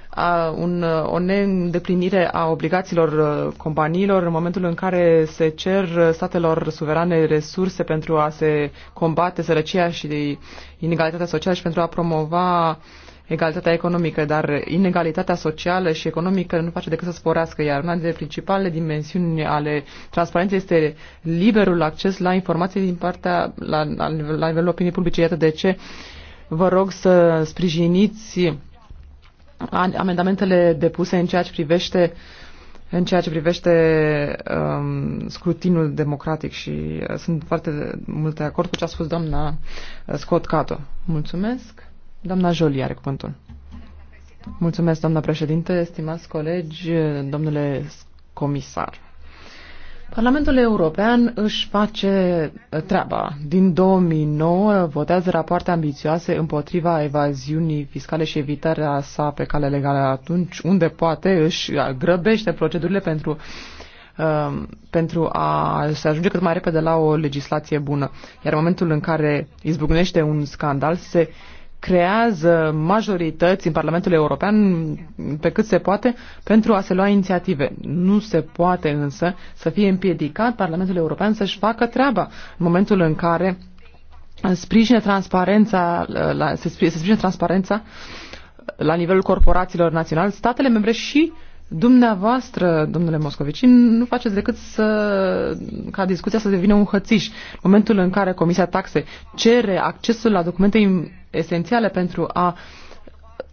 a, un, o neîndeplinire a obligațiilor uh, companiilor în momentul în care se cer statelor suverane resurse pentru a se combate sărăcia și inegalitatea socială și pentru a promova uh, egalitatea economică, dar inegalitatea socială și economică nu face decât să sporească, iar una dintre principalele dimensiuni ale transparenței este liberul acces la informații din partea, la, la, la nivelul opiniei publice. Iată de ce vă rog să sprijiniți amendamentele depuse în ceea ce privește în ceea ce privește um, scrutinul democratic și uh, sunt foarte multe acord cu ce a spus doamna uh, Scott Cato. Mulțumesc. Doamna Jolie are cuvântul. Mulțumesc, doamna președinte, stimați colegi, domnule comisar. Parlamentul European își face treaba. Din 2009 votează rapoarte ambițioase împotriva evaziunii fiscale și evitarea sa pe cale legală. Atunci, unde poate, își grăbește procedurile pentru uh, pentru a se ajunge cât mai repede la o legislație bună. Iar în momentul în care izbucnește un scandal, se creează majorități în Parlamentul European pe cât se poate pentru a se lua inițiative. Nu se poate însă să fie împiedicat Parlamentul European să-și facă treaba în momentul în care sprijine transparența, la, se, sprijine, se sprijine transparența la nivelul corporațiilor naționale, statele membre și uh, Dumneavoastră, domnule Moscovici, nu faceți decât să, ca discuția să devină un hățiș. În momentul în care Comisia Taxe cere accesul la documente esențiale pentru, a,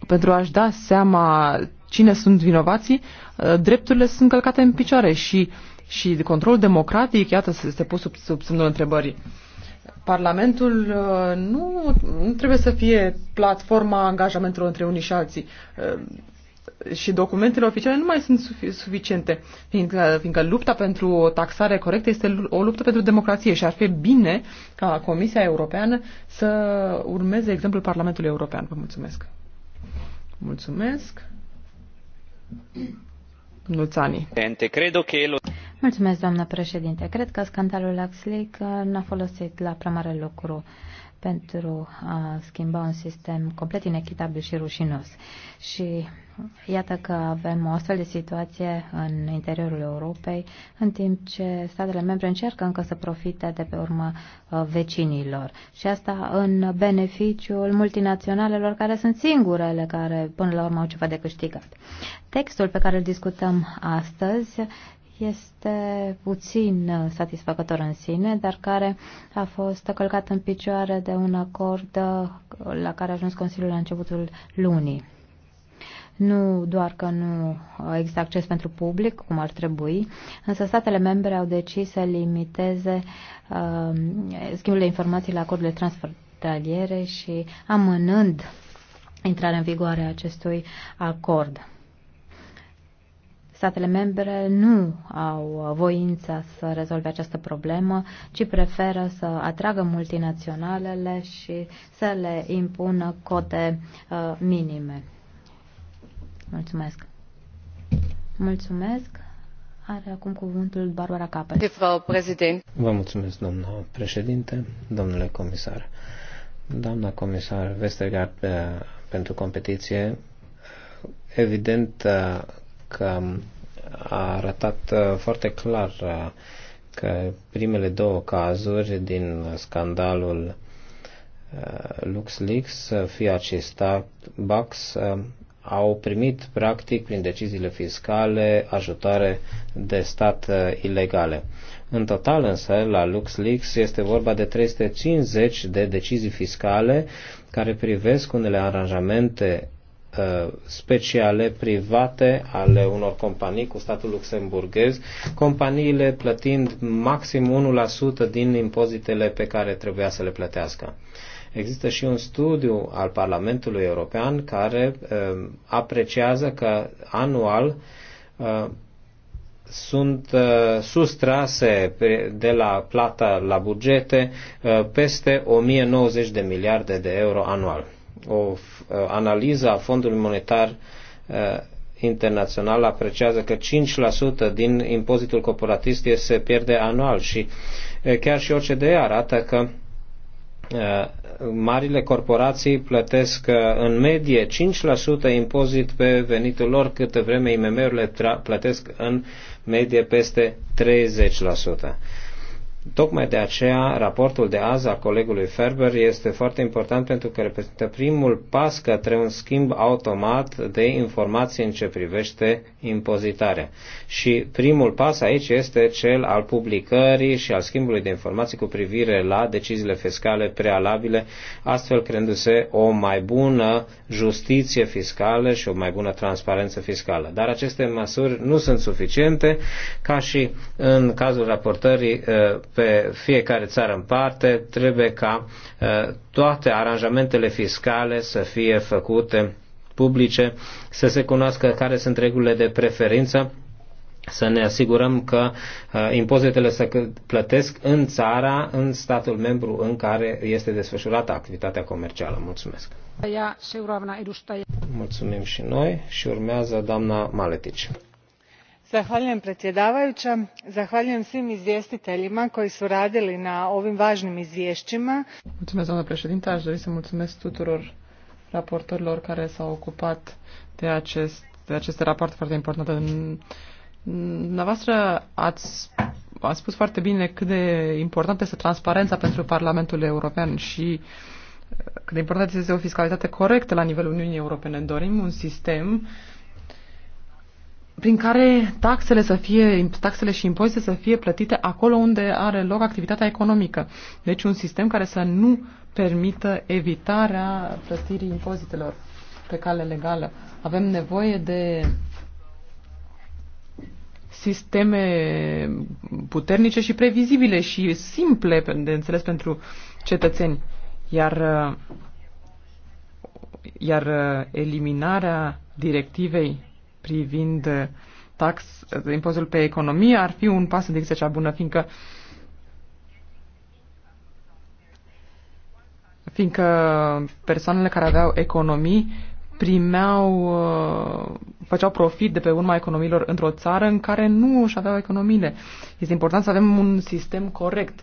pentru a-și da seama cine sunt vinovații, ă, drepturile sunt călcate în picioare și, și controlul democratic, iată, se, se pus sub, sub semnul întrebării. Parlamentul ă, nu, nu trebuie să fie platforma angajamentului între unii și alții. Ă, și documentele oficiale nu mai sunt suficiente, fiindcă, fiindcă lupta pentru o taxare corectă este o luptă pentru democrație și ar fi bine ca Comisia Europeană să urmeze exemplul Parlamentului European. Vă mulțumesc. Mulțumesc. Nuțani. Mulțumesc, doamnă președinte. Cred că scandalul LaxLeak uh, n-a folosit la prea mare lucru pentru a schimba un sistem complet inechitabil și rușinos. Și Iată că avem o astfel de situație în interiorul Europei, în timp ce statele membre încearcă încă să profite de pe urma uh, vecinilor. Și asta în beneficiul multinaționalelor care sunt singurele care până la urmă au ceva de câștigat. Textul pe care îl discutăm astăzi este puțin uh, satisfăcător în sine, dar care a fost călcat în picioare de un acord uh, la care a ajuns Consiliul la începutul lunii. Nu doar că nu există acces pentru public, cum ar trebui, însă statele membre au decis să limiteze uh, schimbul de informații la acordurile transfrontaliere și amânând intrarea în vigoare a acestui acord statele membre nu au voința să rezolve această problemă, ci preferă să atragă multinaționalele și să le impună cote uh, minime. Mulțumesc. Mulțumesc. Are acum cuvântul Barbara Capel. Vă mulțumesc, doamna președinte, domnule comisar. Doamna comisar Vestergaard pentru competiție, evident uh, că a arătat uh, foarte clar uh, că primele două cazuri din scandalul LuxLeaks, fie acesta Bax, au primit practic prin deciziile fiscale ajutoare de stat uh, ilegale. În total însă, la LuxLeaks este vorba de 350 de decizii fiscale care privesc unele aranjamente uh, speciale private ale unor companii cu statul luxemburghez, companiile plătind maxim 1% din impozitele pe care trebuia să le plătească. Există și un studiu al Parlamentului European care um, apreciază că anual uh, sunt uh, sustrase de la plata la bugete uh, peste 1090 de miliarde de euro anual. O analiză a Fondului Monetar internațional apreciază că 5% din impozitul corporatist se pierde anual și chiar și OCDE arată că marile corporații plătesc uh, în medie 5% impozit pe venitul lor, câte vreme IMM-urile plătesc în medie peste 30%. Tocmai de aceea, raportul de azi al colegului Ferber este foarte important pentru că reprezintă primul pas către un schimb automat de informații în ce privește impozitarea. Și primul pas aici este cel al publicării și al schimbului de informații cu privire la deciziile fiscale prealabile, astfel creându-se o mai bună justiție fiscală și o mai bună transparență fiscală. Dar aceste măsuri nu sunt suficiente, ca și în cazul raportării eh, pe fiecare țară în parte, trebuie ca uh, toate aranjamentele fiscale să fie făcute publice, să se cunoască care sunt regulile de preferință, să ne asigurăm că uh, impozitele se plătesc în țara, în statul membru în care este desfășurată activitatea comercială. Mulțumesc! Mulțumim și noi și urmează doamna Maletici gospođo predsjedavajuća zahvaljujem svim izvjestiteljima koji su radili na ovim važnim izvješćima. doamnă președintă aș dori să mulțumesc tuturor raportorilor care s au ocupat de, acest, de aceste rapoarte foarte importante. Dumneavoastră ați, ați spus foarte bine cât de importantă este transparența pentru Parlamentul European și uh, cât de importantă este o fiscalitate corectă la nivelul Uniunii Europene. Dorim un sistem uh, prin care taxele, să fie, taxele și impozite să fie plătite acolo unde are loc activitatea economică. Deci un sistem care să nu permită evitarea plătirii impozitelor pe cale legală. Avem nevoie de sisteme puternice și previzibile și simple de înțeles pentru cetățeni. Iar, iar eliminarea directivei privind eh, tax, eh, impozitul pe economie ar fi un pas în direcția cea bună, fiindcă fiindcă persoanele care aveau economii primeau, eh, făceau profit de pe urma economiilor într-o țară în care nu își aveau economiile. Este important să avem un sistem corect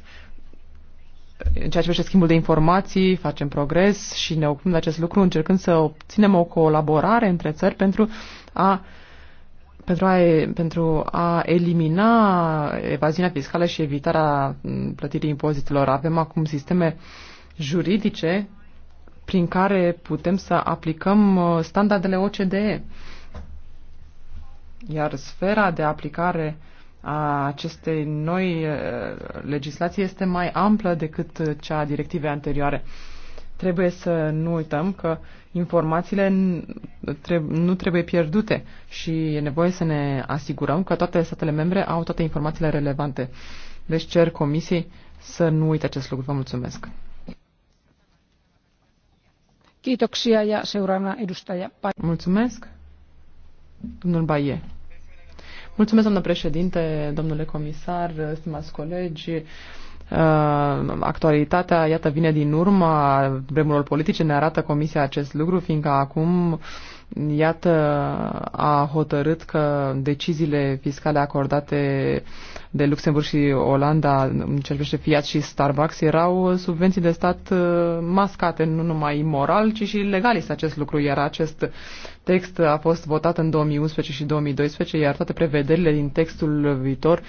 în ceea ce privește schimbul de informații, facem progres și ne ocupăm de acest lucru, încercând să obținem o colaborare între țări pentru a, pentru a, pentru a elimina evaziunea fiscală și evitarea plătirii impozitelor. Avem acum sisteme juridice prin care putem să aplicăm uh, standardele OCDE. Iar sfera de aplicare a acestei noi eh, legislații este mai amplă decât cea a directivei anterioare. Trebuie să nu uităm că informațiile nu trebuie pierdute și e nevoie să ne asigurăm că toate statele membre au toate informațiile relevante. Deci cer comisiei să nu uite acest lucru. Vă mulțumesc. Mulțumesc. Domnul Baie. Mulțumesc, doamnă președinte, domnule comisar, stimați colegi. Uh, actualitatea, iată, vine din urma vremurilor politice, ne arată Comisia acest lucru, fiindcă acum iată, a hotărât că deciziile fiscale acordate de Luxemburg și Olanda, în ce privește Fiat și Starbucks, erau subvenții de stat uh, mascate, nu numai imoral, ci și legal este acest lucru, iar acest text a fost votat în 2011 și 2012, iar toate prevederile din textul viitor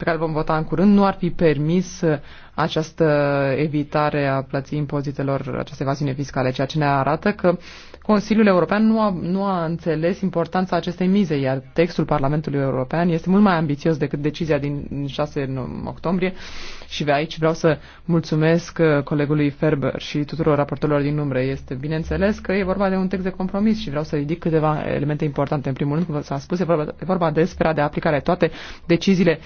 pe care vom vota în curând nu ar fi permis uh, această evitare a plății impozitelor, această evaziune fiscale. ceea ce ne arată că Consiliul European nu a, nu a înțeles importanța acestei mize, iar textul Parlamentului European este mult mai ambițios decât decizia din 6 octombrie și aici vreau să mulțumesc uh, colegului Ferber și tuturor raportorilor din umbră. Este bineînțeles că e vorba de un text de compromis și vreau să ridic câteva elemente importante. În primul rând, cum s-a spus, e vorba, e vorba de a de aplicare. Toate deciziile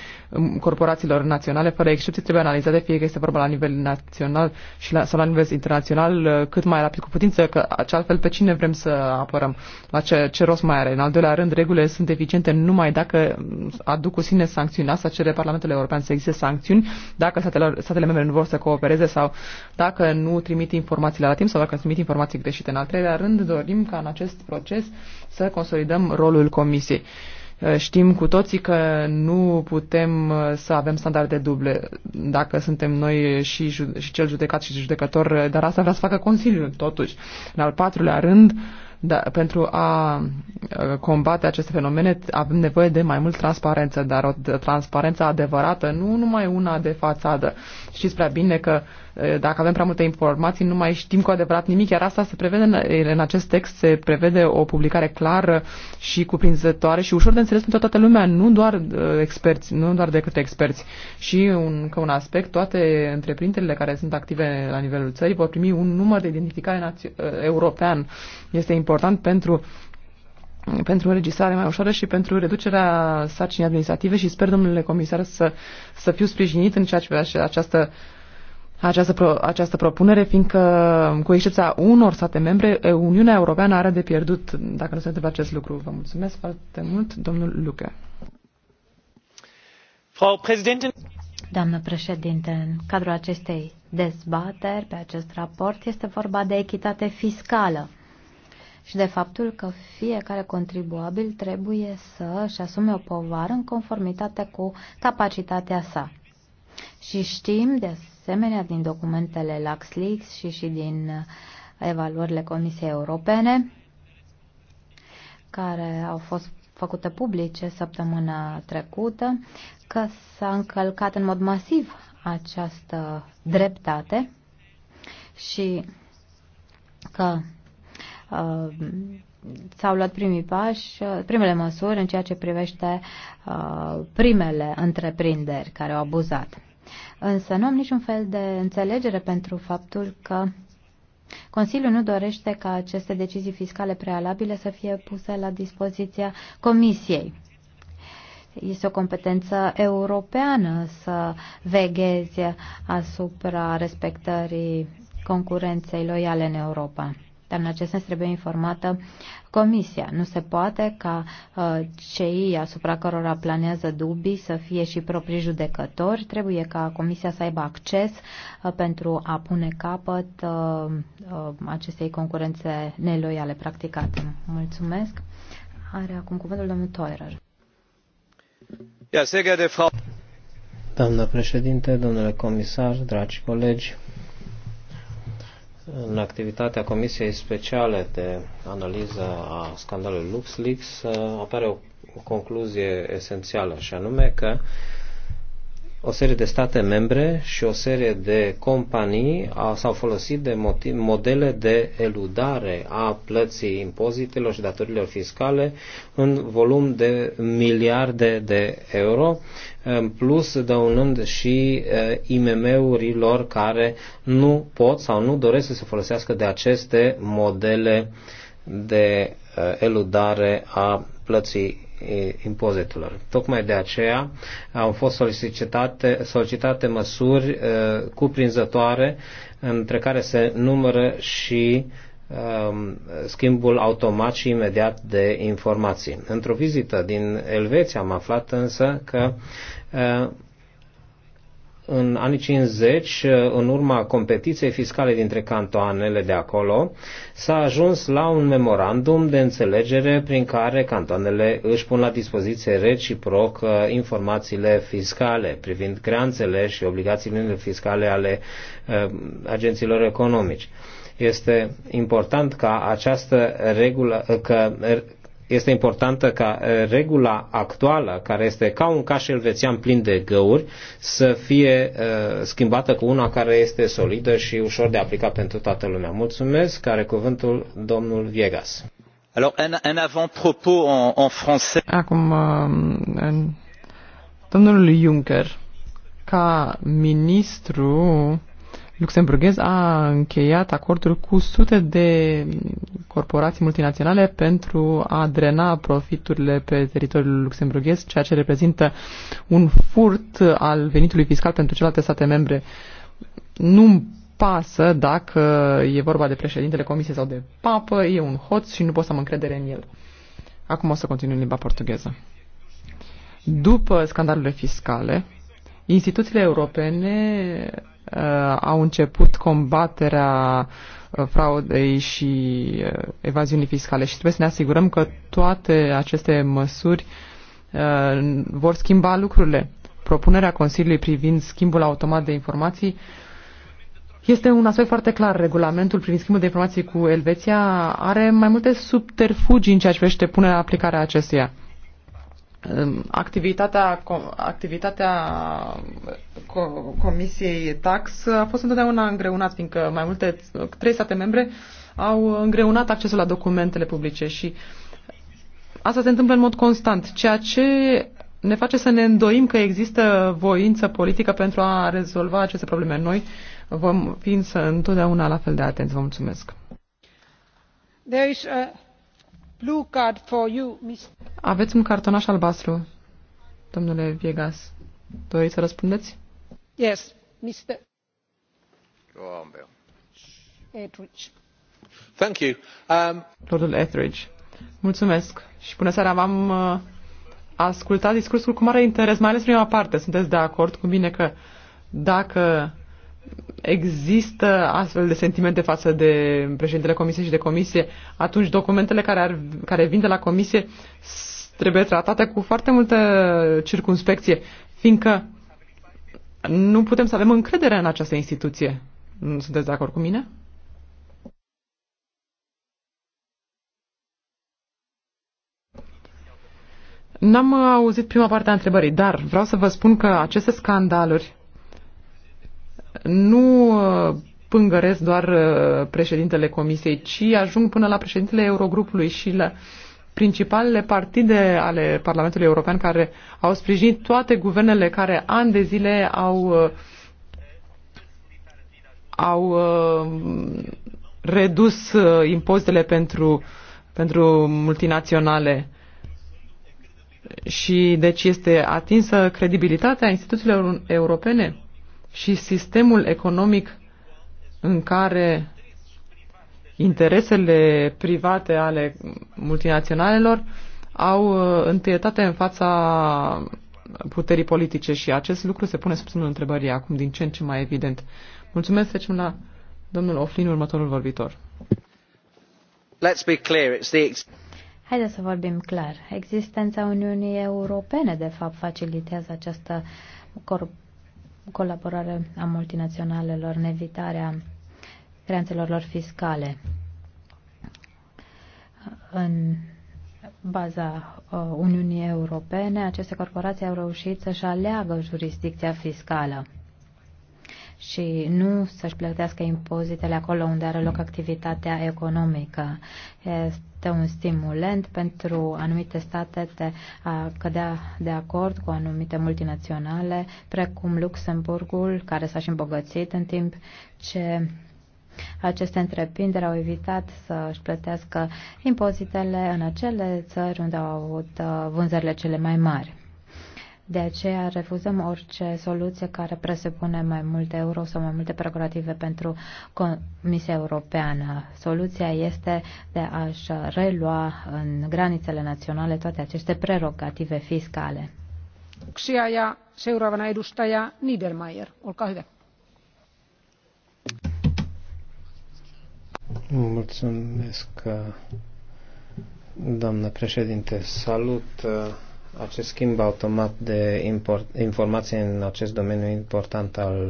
corporațiilor naționale, fără excepție, trebuie analizate, fie că este vorba la nivel național și la, sau la nivel internațional, uh, cât mai rapid cu putință, că altfel pe cine vrem să apărăm, la ce, ce rost mai are. În al doilea rând, regulile sunt eficiente numai dacă mm, aduc cu sine sancțiuni. Asta cere Parlamentul European să existe sancțiuni dacă statele, statele membre nu vor să coopereze sau dacă nu trimit informațiile la timp sau dacă trimit informații greșite. În al treilea rând, dorim ca în acest proces să consolidăm rolul Comisiei. Eh, știm cu toții că nu putem eh, să avem standarde duble dacă suntem noi și, și cel judecat și judecător, eh, dar asta vrea să facă Consiliul totuși. În al patrulea rând, da, pentru a combate aceste fenomene avem nevoie de mai mult transparență, dar o transparență adevărată, nu numai una de fațadă. Știți prea bine că uh, dacă avem prea multe informații, nu mai știm cu adevărat nimic, iar asta se prevede în, în acest text, se prevede o publicare clară și cuprinzătoare și ușor de înțeles pentru toată lumea, nu doar uh, experți, nu doar de către experți. Și un, un aspect, toate întreprinderile care sunt active la nivelul țării vor primi un număr de identificare uh, european. Este important pentru pentru înregistrare mai ușoară și pentru reducerea sarcinii administrative și sper, domnule comisar, să, să fiu sprijinit în ceea ce privește această această, pro, această propunere, fiindcă, cu excepția unor state membre, Uniunea Europeană are de pierdut dacă nu se întâmplă acest lucru. Vă mulțumesc foarte mult, domnul Luca. Doamnă președinte, în cadrul acestei dezbateri pe acest raport este vorba de echitate fiscală și de faptul că fiecare contribuabil trebuie să își asume o povară în conformitate cu capacitatea sa. Și știm de asemenea din documentele LaxLeaks și și din uh, evaluările Comisiei Europene, care au fost făcute publice săptămâna trecută, că s-a încălcat în mod masiv această dreptate și că uh, s-au luat primii pași, uh, primele măsuri în ceea ce privește uh, primele întreprinderi care au abuzat. Însă nu am niciun fel de înțelegere pentru faptul că Consiliul nu dorește ca aceste decizii fiscale prealabile să fie puse la dispoziția Comisiei. Este o competență europeană să vegheze asupra respectării concurenței loiale în Europa. Dar în acest sens trebuie informată Comisia. Nu se poate ca uh, cei asupra cărora planează dubii să fie și proprii judecători. Trebuie ca Comisia să aibă acces uh, pentru a pune capăt uh, uh, acestei concurențe neloiale practicate. Mulțumesc. Are acum cuvântul domnul Toerer. Doamnă președinte, domnule comisar, dragi colegi, în activitatea Comisiei Speciale de Analiză a scandalului LuxLeaks uh, apare o concluzie esențială și anume că uh, o serie de state membre și o serie de companii s-au folosit de motiv, modele de eludare a plății impozitelor și datorilor fiscale în volum de miliarde de euro, în plus dăunând și eh, IMM-urilor care nu pot sau nu doresc să se folosească de aceste modele de eh, eludare a plății impozitelor. Tocmai de aceea au fost solicitate, solicitate măsuri uh, cuprinzătoare, între care se numără și schimbul automat și imediat de informații. Într-o vizită din Elveția am aflat însă că în anii 50, uh, în urma competiției fiscale dintre cantoanele de acolo, s-a ajuns la un memorandum de înțelegere prin care cantoanele își pun la dispoziție reciproc uh, informațiile fiscale privind creanțele și obligațiile fiscale ale uh, agenților economici. Este important ca această regulă, că este importantă ca regula actuală, care este ca un caș elvețian plin de găuri, să fie uh, schimbată cu una care este solidă și ușor de aplicat pentru toată lumea. Mulțumesc, care cuvântul domnul Viegas. Alors, un, un avant-propos en, en français. Acum, um, domnul Juncker, ca ministru luxemburghez a încheiat acorduri cu sute de corporații multinaționale pentru a drena profiturile pe teritoriul luxemburghez, ceea ce reprezintă un furt al venitului fiscal pentru celelalte state membre. Nu pasă dacă e vorba de președintele comisiei sau de papă, e un hoț și nu pot să am încredere în el. Acum o să continui în limba portugheză. După scandalurile fiscale, instituțiile europene uh, au început combaterea uh, fraudei și uh, evaziunii fiscale și trebuie să ne asigurăm că toate aceste măsuri uh, vor schimba lucrurile. Propunerea Consiliului privind schimbul automat de informații este un aspect foarte clar. Regulamentul privind schimbul de informații cu Elveția are mai multe subterfugii în ceea ce privește punerea aplicarea acesteia activitatea, activitatea Comisiei Tax a fost întotdeauna îngreunat, fiindcă mai multe, trei state membre au îngreunat accesul la documentele publice și asta se întâmplă în mod constant, ceea ce ne face să ne îndoim că există voință politică pentru a rezolva aceste probleme. Noi vom fi însă întotdeauna la fel de atenți. Vă mulțumesc. There is a aveți un cartonaș albastru, domnule Viegas. Doriți să răspundeți? Yes, Mr. Etheridge. Thank you. Um... Lordul Etheridge. Mulțumesc. Și până seara v-am uh, ascultat discursul cu mare interes, mai ales prima parte. Sunteți de acord cu mine că dacă există astfel de sentimente față de președintele Comisiei și de Comisie, atunci documentele care, ar, care vin de la Comisie trebuie tratate cu foarte multă circunspecție, fiindcă nu putem să avem încredere în această instituție. Nu sunteți de acord cu mine? N-am auzit prima parte a întrebării, dar vreau să vă spun că aceste scandaluri nu uh, pângăresc doar uh, președintele Comisiei, ci ajung până la președintele Eurogrupului și la principalele partide ale Parlamentului European care au sprijinit toate guvernele care ani de zile au uh, au redus impozitele pentru, pentru multinaționale și deci este atinsă credibilitatea instituțiilor europene și sistemul economic în care interesele private ale multinaționalelor au uh, întâietate în fața puterii politice și acest lucru se pune sub semnul întrebării acum din ce în ce mai evident. Mulțumesc, trecem la domnul Oflin, următorul vorbitor. Let's be clear, it's the Haideți să vorbim clar. Existența Uniunii Europene, de fapt, facilitează această colaborare a multinaționalelor în evitarea creanțelor lor fiscale în baza uh, Uniunii Europene, aceste corporații au reușit să-și aleagă jurisdicția fiscală și nu să-și plătească impozitele acolo unde are loc activitatea economică. Este un stimulent pentru anumite state de a cădea de acord cu anumite multinaționale, precum Luxemburgul, care s-a și îmbogățit în timp ce aceste întreprinderi au evitat să și plătească impozitele în acele țări unde au avut uh, vânzările cele mai mari. De aceea refuzăm orice soluție care presupune mai multe euro sau mai multe prerogative pentru Comisia Europeană. Soluția este de a-și relua în granițele naționale toate aceste prerogative fiscale. Ja seuraavana edustaja Niedermayer, olkaa hyvä. Mulțumesc, doamnă președinte. Salut acest schimb automat de import, informații în acest domeniu important al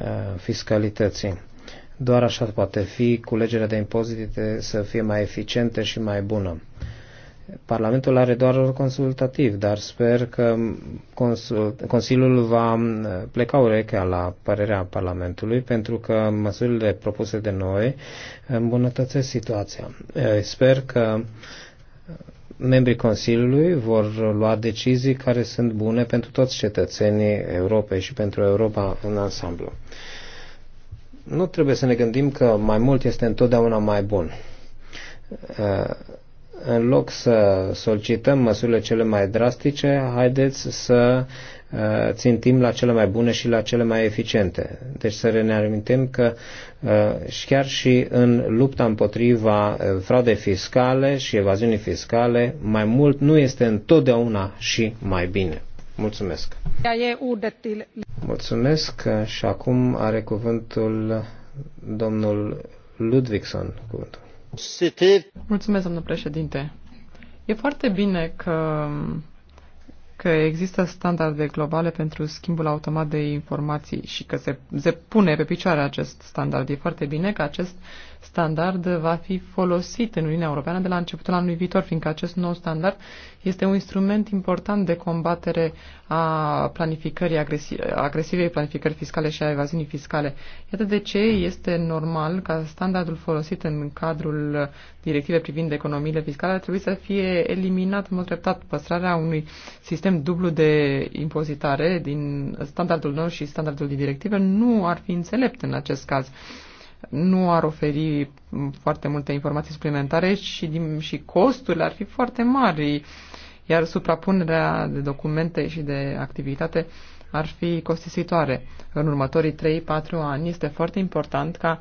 uh, fiscalității. Doar așa poate fi culegerea de impozite să fie mai eficientă și mai bună. Parlamentul are doar rol consultativ, dar sper că consult, Consiliul va uh, pleca urechea la părerea Parlamentului pentru că măsurile propuse de noi îmbunătățesc situația. Uh, sper că membrii Consiliului vor lua decizii care sunt bune pentru toți cetățenii Europei și pentru Europa în ansamblu. Nu trebuie să ne gândim că mai mult este întotdeauna mai bun în loc să solicităm măsurile cele mai drastice, haideți să uh, țintim la cele mai bune și la cele mai eficiente. Deci să ne amintim că uh, chiar și în lupta împotriva uh, fraudei fiscale și evaziunii fiscale, mai mult nu este întotdeauna și mai bine. Mulțumesc. Mulțumesc și acum are cuvântul domnul Ludvigson. Cuvântul. Mulțumesc, domnule președinte. E foarte bine că, că există standarde globale pentru schimbul automat de informații și că se, se pune pe picioare acest standard. E foarte bine că acest standard va fi folosit în Uniunea Europeană de la începutul anului viitor, fiindcă acest nou standard este un instrument important de combatere a planificării agresi- agresivei planificări fiscale și a evaziunii fiscale. Iată de ce este normal ca standardul folosit în cadrul directivei privind economiile fiscale ar trebui să fie eliminat în mod treptat păstrarea unui sistem dublu de impozitare din standardul nou și standardul din directivă nu ar fi înțelept în acest caz nu ar oferi mm, foarte multe informații suplimentare și, din, și costurile ar fi foarte mari, iar suprapunerea de documente și de activitate ar fi costisitoare. În următorii 3-4 ani este foarte important ca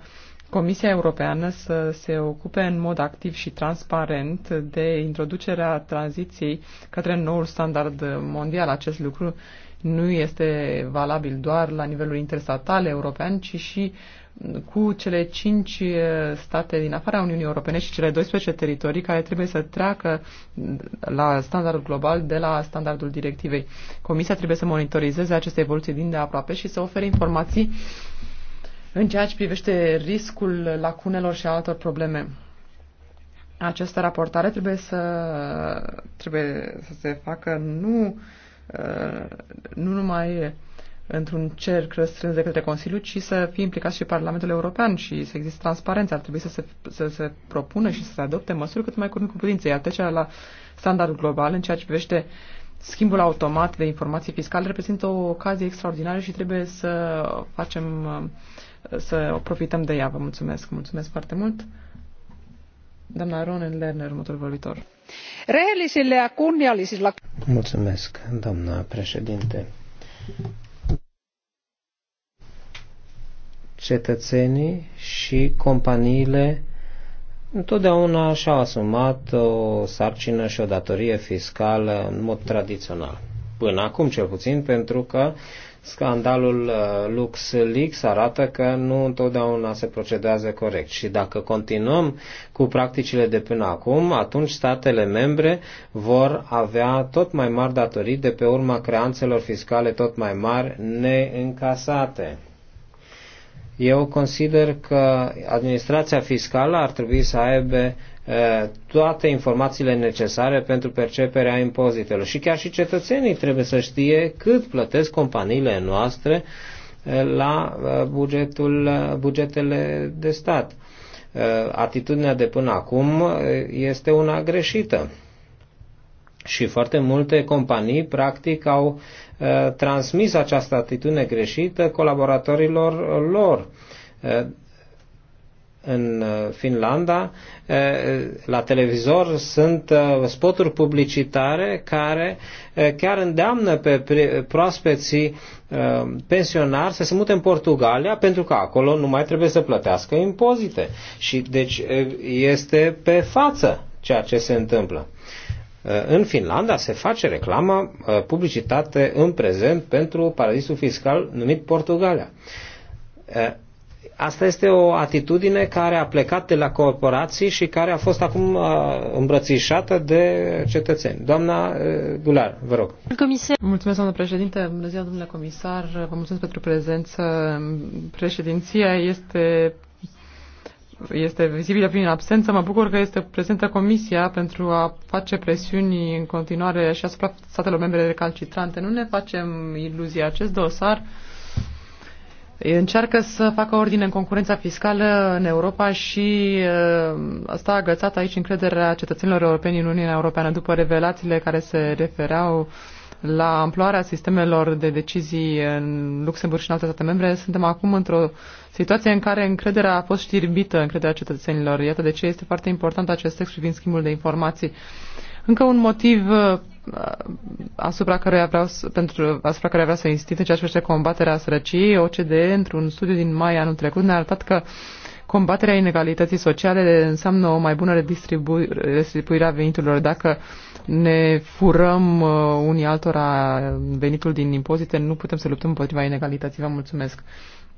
Comisia Europeană să se ocupe în mod activ și transparent de introducerea tranziției către noul standard mondial. Acest lucru nu este valabil doar la nivelul interstatal european, ci și cu cele cinci eh, state din afara Uniunii Europene și cele 12 teritorii care trebuie să treacă la standardul global de la standardul directivei. Comisia trebuie să monitorizeze aceste evoluții din de aproape și să ofere informații în ceea ce privește riscul lacunelor și altor probleme. Această raportare trebuie să, trebuie să se facă nu, eh, nu numai într-un cerc răstrâns de către Consiliu, ci să fie implicat și Parlamentul European și să existe transparență. Ar trebui să se, să se propună și să se adopte măsuri cât mai curând cu putință. Iar trecerea la standardul global în ceea ce privește schimbul automat de informații fiscale reprezintă o ocazie extraordinară și trebuie să facem, să profităm de ea. Vă mulțumesc. Mulțumesc foarte mult. Doamna Ronen Lerner, următorul vorbitor. Rehellisille ja Mulțumesc, doamna președinte. cetățenii și companiile întotdeauna și-au asumat o sarcină și o datorie fiscală în mod tradițional. Până acum cel puțin, pentru că scandalul uh, LuxLeaks arată că nu întotdeauna se procedează corect și dacă continuăm cu practicile de până acum, atunci statele membre vor avea tot mai mari datorii de pe urma creanțelor fiscale tot mai mari neîncasate. Eu consider că administrația fiscală ar trebui să aibă toate informațiile necesare pentru perceperea impozitelor. Și chiar și cetățenii trebuie să știe cât plătesc companiile noastre la bugetul, bugetele de stat. Atitudinea de până acum este una greșită. Și foarte multe companii, practic, au Uh, transmis această atitudine greșită colaboratorilor lor. Uh, în uh, Finlanda, la televizor sunt spoturi publicitare care chiar îndeamnă pe proaspeții pensionari să se mute în Portugalia pentru că acolo nu mai trebuie să plătească impozite. Și deci este pe față ceea ce se întâmplă. Uh, în Finlanda se face reclamă, uh, publicitate în prezent pentru paradisul fiscal numit Portugalia. Uh, asta este o atitudine care a plecat de la corporații și care a fost acum îmbrățișată de cetățeni. Doamna Gular, vă rog. Comisar. Mulțumesc, doamnă președinte. Bună ziua, domnule comisar. Vă mulțumesc pentru prezență. Președinția este este vizibilă prin absență. Mă bucur că este prezentă Comisia pentru a face presiuni în continuare și asupra statelor membre recalcitrante. Nu ne facem iluzia. Acest dosar încearcă să facă ordine în concurența fiscală în Europa și uh, asta a agățat aici încrederea cetățenilor europeni în Uniunea Europeană după revelațiile care se refereau uh, la amploarea sistemelor de decizii în Luxemburg și în alte state membre, suntem acum într-o situație în care încrederea a fost știrbită, încrederea cetățenilor. Iată de ce este foarte important acest text privind schimbul de informații. Încă un motiv uh, asupra căruia vreau, pentru, asupra căruia vreau să insist în ceea ce privește combaterea sărăciei, OCDE, într-un studiu din mai anul trecut, ne-a arătat că combaterea inegalității sociale înseamnă o mai bună redistribuire a veniturilor. Dacă uh, ne furăm uh, unii altora venitul din impozite, nu putem să luptăm împotriva inegalității. Vă mulțumesc.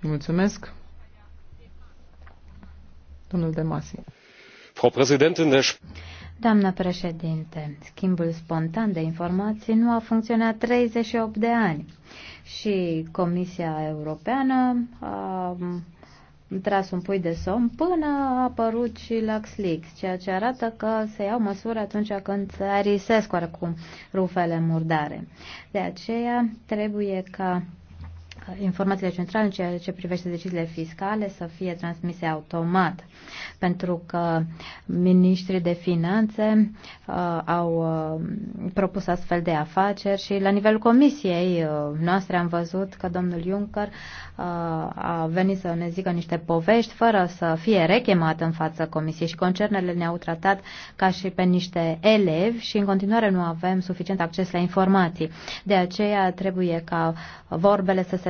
Mulțumesc. Domnul Demasi. Frau Präsidentin der Doamnă președinte, schimbul spontan de informații nu a funcționat 38 de ani și Comisia Europeană a tras un pui de somn până a apărut și Leaks, ceea ce arată că se iau măsuri atunci când se arisesc oricum rufele murdare. De aceea trebuie ca informațiile centrale în ceea ce privește deciziile fiscale să fie transmise automat, pentru că ministrii de finanțe uh, au uh, propus astfel de afaceri și la nivelul comisiei uh, noastre am văzut că domnul Juncker uh, a venit să ne zică niște povești fără să fie rechemat în fața comisiei și concernele ne-au tratat ca și pe niște elevi și în continuare nu avem suficient acces la informații. De aceea trebuie ca vorbele să se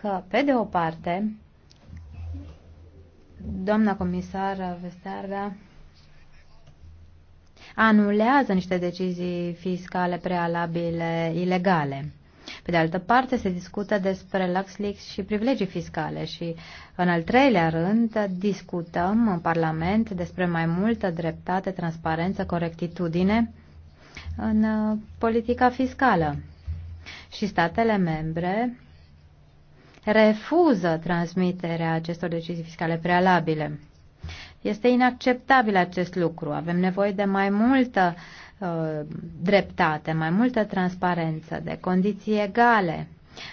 că, pe de o parte, doamna comisară Vestearda anulează niște decizii fiscale prealabile ilegale. Pe de altă parte, se discută despre LuxLeaks și privilegii fiscale și, în al treilea rând, discutăm în Parlament despre mai multă dreptate, transparență, corectitudine în politica fiscală. Și statele membre refuză transmiterea acestor decizii fiscale prealabile. Este inacceptabil acest lucru. Avem nevoie de mai multă uh, dreptate, mai multă transparență, de condiții egale.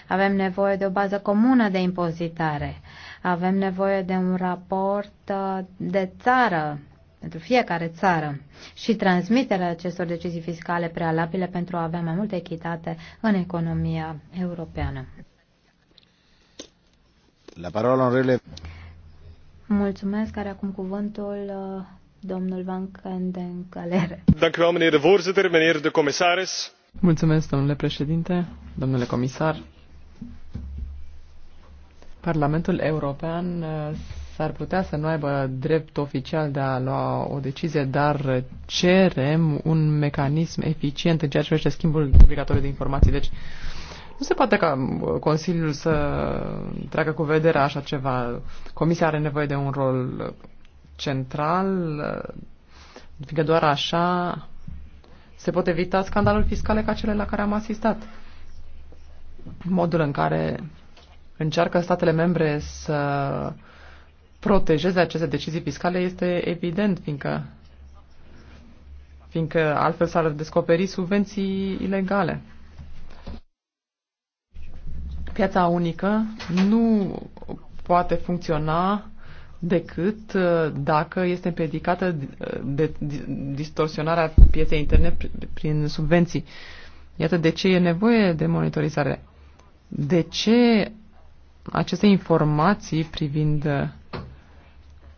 Avem nevoie de o bază comună de impozitare. Avem nevoie de un raport uh, de țară pentru fiecare țară și transmiterea acestor decizii fiscale prealabile pentru a avea mai multă echitate în economia europeană. La parola onorele. Mulțumesc, care acum cuvântul uh, domnul Van Kenden Calere. Dank u wel, meneer de voorzitter, meneer de commissaris. Mulțumesc, domnule președinte, domnule comisar. Parlamentul European uh, s-ar putea să nu aibă drept oficial de a lua o decizie, dar cerem un mecanism eficient în ceea ce privește schimbul obligatoriu de informații. Deci, uh, nu se poate ca uh, Consiliul să treacă cu vederea așa ceva. Comisia are nevoie de un rol uh, central, uh, fiindcă doar așa se pot evita scandaluri fiscale ca cele la care am asistat. Modul în care încearcă statele membre să protejeze aceste decizii fiscale este evident, fiindcă, fiindcă altfel s-ar descoperi subvenții ilegale. Piața unică nu poate funcționa decât uh, dacă este împiedicată uh, de distorsionarea pieței interne prin subvenții. Iată de ce e nevoie de monitorizare. De ce aceste informații privind uh,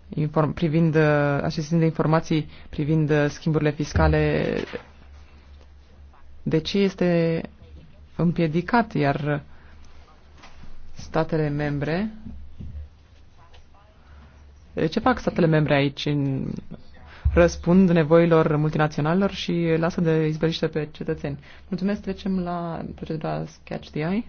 inform, privind aceste de informații privind schimburile fiscale de ce este împiedicat, iar statele membre. Ce fac statele membre aici? în Răspund nevoilor multinaționalilor și lasă de izbeliște pe cetățeni. Mulțumesc, trecem la procedura Sketch the Eye.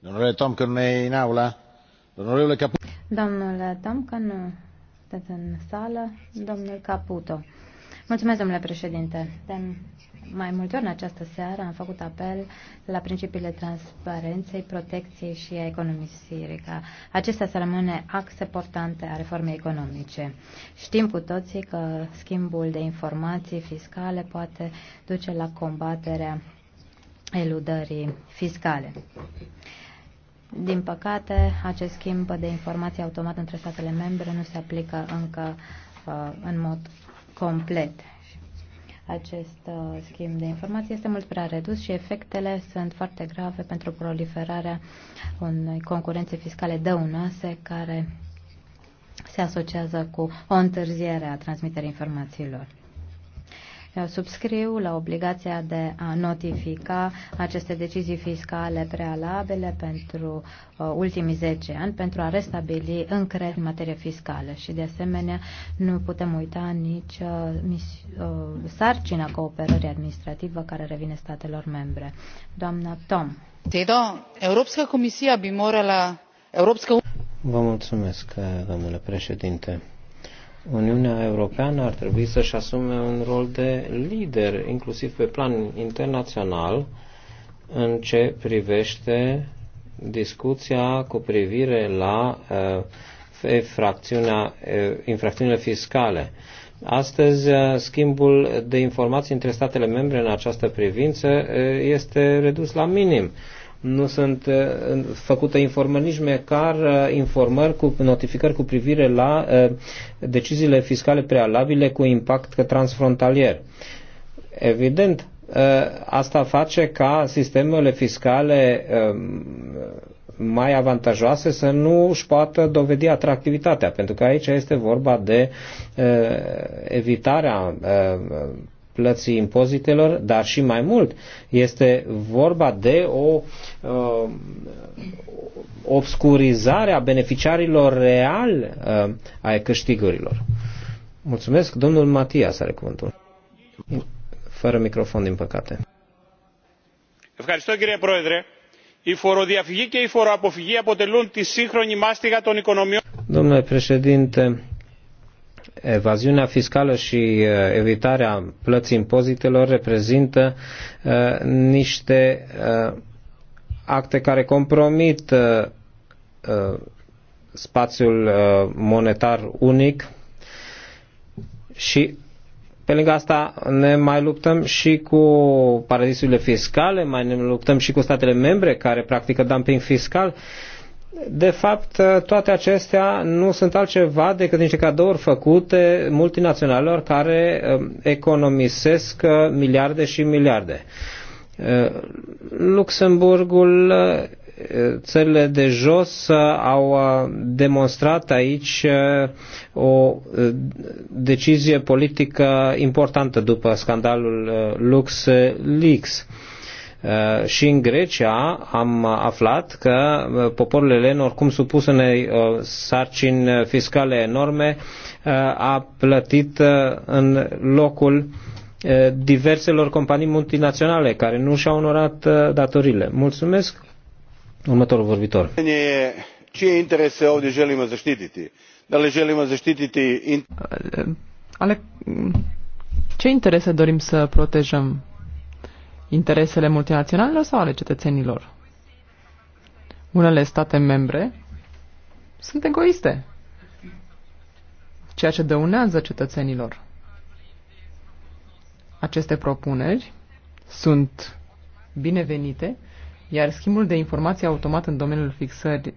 Domnule Tomcan, e în aula. Domnule Caputo. Domnule Tomcan, sunteți în sală. Domnul Caputo. Mulțumesc, domnule președinte. De mai multe ori în această seară am făcut apel la principiile transparenței, protecției și a economisirii, ca acestea să rămâne axe portante a reformei economice. Știm cu toții că schimbul de informații fiscale poate duce la combaterea eludării fiscale. Din păcate, acest schimb de informații automat între statele membre nu se aplică încă uh, în mod complet. Acest uh, schimb de informații este mult prea redus și efectele sunt foarte grave pentru proliferarea unei concurențe fiscale dăunoase care se asociază cu o întârziere a transmiterii informațiilor subscriu la obligația de a notifica aceste decizii fiscale prealabile pentru uh, ultimii 10 ani pentru a restabili încredere în materie fiscală și de asemenea nu putem uita nici uh, uh, sarcina cooperării administrativă care revine statelor membre. Doamna Tom. Tedo, Europska Comisia bimorela Europska Vă mulțumesc, domnule președinte. Uniunea Europeană ar trebui să-și asume un rol de lider, inclusiv pe plan internațional, în ce privește discuția cu privire la uh, infracțiunile fiscale. Astăzi, uh, schimbul de informații între statele membre în această privință uh, este redus la minim nu sunt uh, făcute informări nici măcar uh, informări cu notificări cu privire la uh, deciziile fiscale prealabile cu impact transfrontalier. Evident, asta face ca sistemele fiscale um, mai avantajoase să nu își poată dovedi atractivitatea, pentru că aici este vorba de evitarea plății impozitelor, dar și mai mult. Este vorba de o uh, obscurizare a beneficiarilor real uh, ai câștigurilor. Mulțumesc. Domnul Matias are cuvântul. Fără microfon, din păcate. Ευχαριστώ κύριε Πρόεδρε. Η φοροδιαφυγή και η φοροαποφυγή αποτελούν τη σύγχρονη μάστιγα των οικονομιών. Domnule președinte, Evaziunea fiscală și uh, evitarea plății impozitelor reprezintă uh, niște uh, acte care compromit uh, uh, spațiul uh, monetar unic și pe lângă asta ne mai luptăm și cu paradisurile fiscale, mai ne luptăm și cu statele membre care practică dumping fiscal. Uh, de fapt, toate acestea nu sunt altceva decât niște cadouri făcute multinaționalelor care um, economisesc uh, miliarde și miliarde. Uh, Luxemburgul, uh, țările de jos au demonstrat aici o decizie politică importantă după scandalul LuxLeaks. Uh, și în Grecia am aflat că uh, poporul elen, oricum supus unei uh, sarcini fiscale enorme, a plătit în locul diverselor companii multinaționale care nu și-au onorat datorile. Mulțumesc. Următorul vorbitor. Ce interese de želimo zaštititi? Da li želimo zaštititi... Ale ce interese dorim să protejăm? interesele multinaționalelor sau ale cetățenilor? Unele state membre sunt egoiste, ceea ce dăunează cetățenilor. Aceste propuneri sunt binevenite, iar schimbul de informații automat în domeniul fixării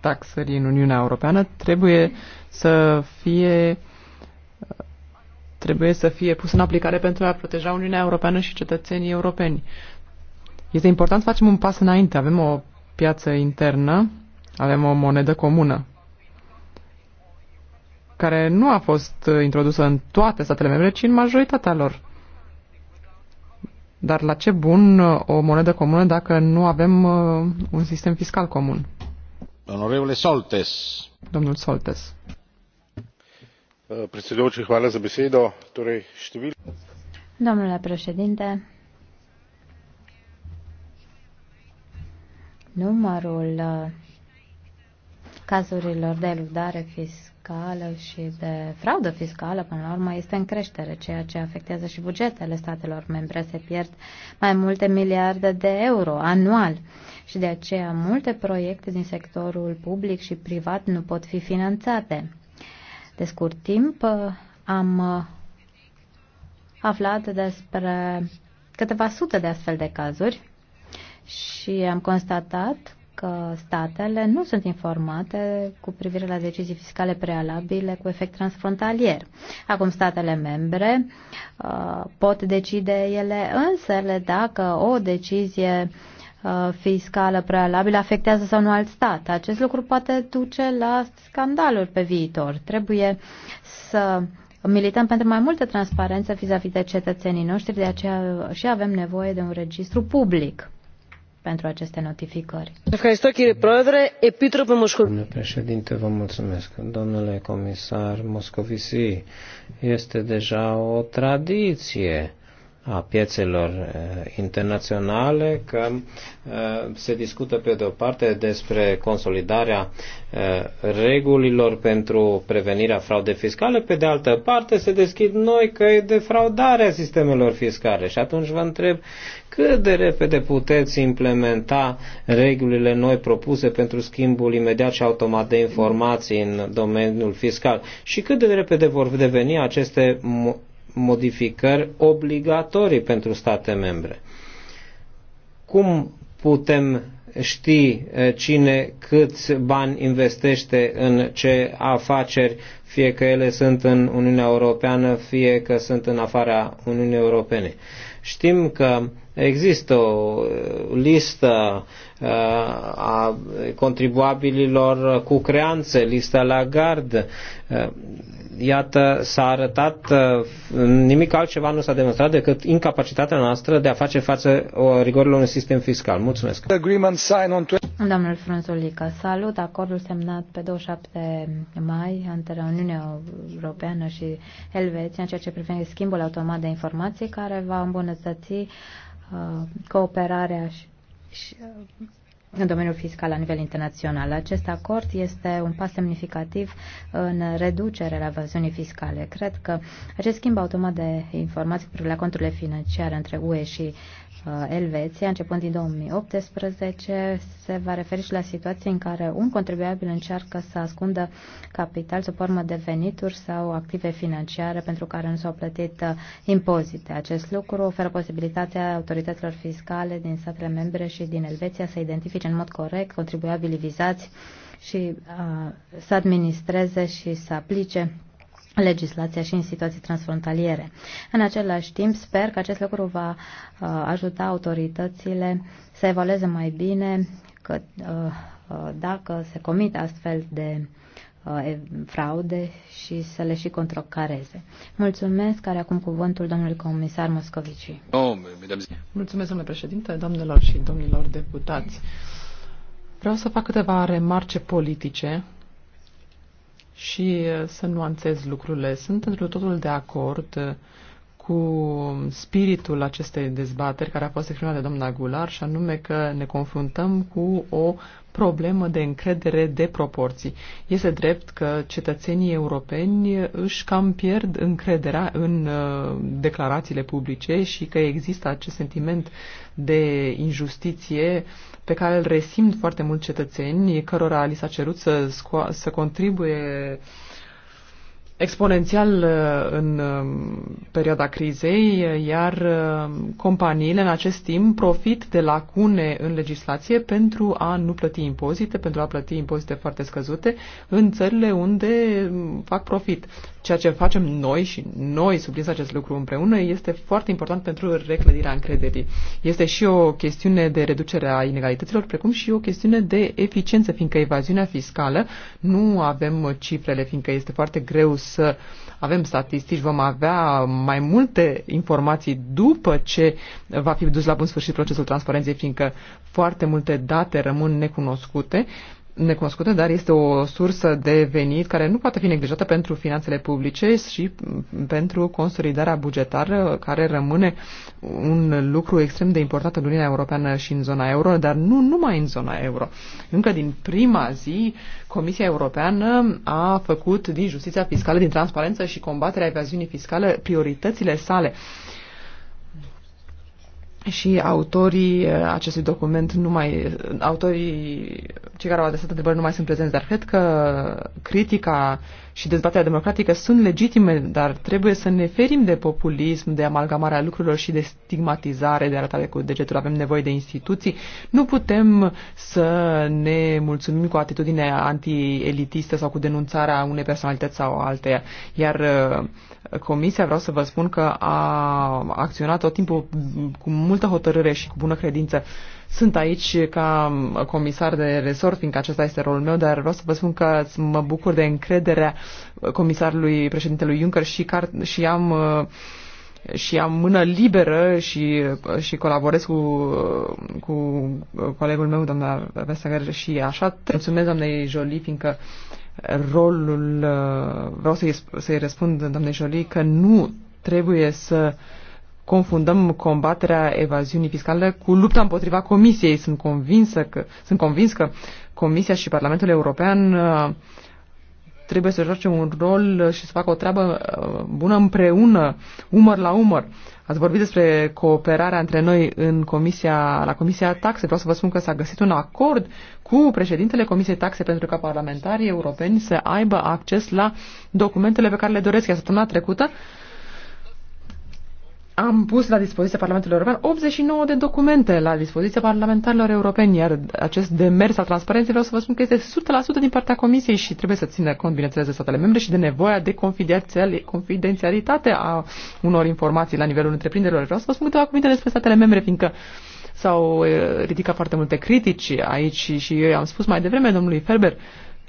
taxării în Uniunea Europeană trebuie să fie trebuie să fie pus în aplicare pentru a proteja Uniunea Europeană și cetățenii europeni. Este important să facem un pas înainte. Avem o piață internă, avem o monedă comună care nu a fost introdusă în toate statele membre, ci în majoritatea lor. Dar la ce bun o monedă comună dacă nu avem uh, un sistem fiscal comun? Onorevole Soltes. Domnul Soltes. Eh, domnule președinte numărul eh, cazurilor de eludare fiscală și de fraudă fiscală, până la urmă, este în creștere, ceea ce afectează și bugetele statelor membre. Se pierd mai multe miliarde de euro anual și de aceea multe proiecte din sectorul public și privat nu pot fi finanțate de scurt timp am aflat despre câteva sute de astfel de cazuri și am constatat că statele nu sunt informate cu privire la decizii fiscale prealabile cu efect transfrontalier. Acum statele membre uh, pot decide ele însele dacă o decizie Uh, fiscală prealabilă afectează sau nu alt stat. Acest lucru poate duce la scandaluri pe viitor. Trebuie să milităm pentru mai multă transparență vis-a-vis de cetățenii noștri, de aceea și avem nevoie de un registru public pentru aceste notificări. Domnule președinte, vă mulțumesc. Domnule comisar Moscovici, este deja o tradiție a piețelor eh, internaționale, că eh, se discută pe de o parte despre consolidarea eh, regulilor pentru prevenirea fraudei fiscale, pe de altă parte se deschid noi căi de fraudare a sistemelor fiscale. Și atunci vă întreb cât de repede puteți implementa regulile noi propuse pentru schimbul imediat și automat de informații în domeniul fiscal și cât de repede vor deveni aceste modificări obligatorii pentru state membre. Cum putem ști eh, cine câți bani investește în ce afaceri, fie că ele sunt în Uniunea Europeană, fie că sunt în afara Uniunii Europene. Știm că există o eh, listă eh, a contribuabililor cu creanțe, lista la gard iată, s-a arătat, uh, nimic altceva nu s-a demonstrat decât incapacitatea noastră de a face față uh, rigorilor unui sistem fiscal. Mulțumesc. Domnul Frunzulică, salut acordul semnat pe 27 mai între Uniunea Europeană și Elveția în ceea ce privește schimbul automat de informații care va îmbunătăți uh, cooperarea și, și uh, în domeniul fiscal la nivel internațional. Acest acord este un pas semnificativ în reducerea evaziunii fiscale. Cred că acest schimb automat de informații pentru la conturile financiare între UE și Uh, Elveția, începând din 2018, se va referi și la situații în care un contribuabil încearcă să ascundă capital sub formă de venituri sau active financiare pentru care nu s-au plătit uh, impozite. Acest lucru oferă posibilitatea autorităților fiscale din statele membre și din Elveția să identifice în mod corect contribuabilii vizați și uh, să administreze și să aplice legislația și în situații transfrontaliere. În același timp, sper că acest lucru va uh, ajuta autoritățile să evalueze mai bine că uh, uh, dacă se comit astfel de fraude și să le și controcareze. Mulțumesc, care acum cuvântul domnului comisar Moscovici. Mulțumesc, domnule președinte, domnilor și domnilor deputați. Vreau să fac câteva remarce politice și uh, să nuanțez lucrurile. Sunt într totul de acord uh, cu spiritul acestei dezbateri care a fost exprimată de doamna Gular și anume că ne confruntăm cu o problemă de încredere de proporții. Este drept că cetățenii europeni își cam pierd încrederea în uh, declarațiile publice și că există acest sentiment de injustiție pe care îl resimt foarte mult cetățenii, cărora li s-a cerut să, să contribuie exponențial uh, în uh, perioada crizei, iar uh, companiile în acest timp profit de lacune în legislație pentru a nu plăti impozite, pentru a plăti impozite foarte scăzute în țările unde um, fac profit. Ceea ce facem noi și noi sublins acest lucru împreună este foarte important pentru reclădirea încrederii. Este și o chestiune de reducere a inegalităților, precum și o chestiune de eficiență, fiindcă evaziunea fiscală, nu avem cifrele, fiindcă este foarte greu să să avem statistici, vom avea mai multe informații după ce va fi dus la bun sfârșit procesul transparenței, fiindcă foarte multe date rămân necunoscute. Uh, necunoscută, dar este o sursă de venit care nu poate fi neglijată pentru finanțele publice și pentru consolidarea bugetară, care rămâne un lucru extrem de important în Uniunea Europeană și în zona euro, dar nu numai în zona euro. Încă din prima zi, Comisia Europeană a făcut din justiția fiscală, din transparență și combaterea evaziunii fiscale prioritățile sale. Uh, și autorii uh, acestui document nu mai, autorii, cei care au adresat întrebări nu mai sunt prezenți, dar cred că critica și dezbaterea democratică sunt legitime, dar trebuie să ne ferim de populism, de amalgamarea lucrurilor și de stigmatizare, de arătare cu degetul. Avem nevoie de instituții. Nu putem să ne mulțumim cu atitudine antielitistă sau cu denunțarea unei personalități sau alteia. Iar uh, Comisia, vreau să vă spun că a acționat tot timpul cu multă hotărâre și cu bună credință. Sunt aici ca comisar de resort, fiindcă acesta este rolul meu, dar vreau să vă spun că mă bucur de încrederea comisarului președintelui Juncker și, car- și am și am mână liberă și, și colaborez cu, cu colegul meu, doamna Vestager, și așa. Mulțumesc doamnei Jolie, fiindcă rolul, uh, vreau să-i, să-i răspund, doamne Jolie, că nu trebuie să confundăm combaterea evaziunii fiscale cu lupta împotriva Comisiei. Sunt, convinsă că, sunt convins că Comisia și Parlamentul European uh, trebuie să joace un rol și să facă o treabă uh, bună împreună, umăr la umăr. Ați vorbit despre cooperarea între noi în comisia, la Comisia Taxe. Vreau să vă spun că s-a găsit un acord cu președintele Comisiei Taxe pentru ca parlamentarii europeni să aibă acces la documentele pe care le doresc. Iar săptămâna trecută am pus la dispoziția Parlamentului European 89 de documente la dispoziția parlamentarilor europeni, iar acest demers al transparenței vreau să vă spun că este 100% din partea Comisiei și trebuie să țină cont, bineînțeles, de statele membre și de nevoia de confidențialitate a unor informații la nivelul întreprinderilor. Vreau să vă spun câteva cuvinte despre statele membre, fiindcă s-au eh, ridicat foarte multe critici aici și eu am spus mai devreme domnului Ferber, uh,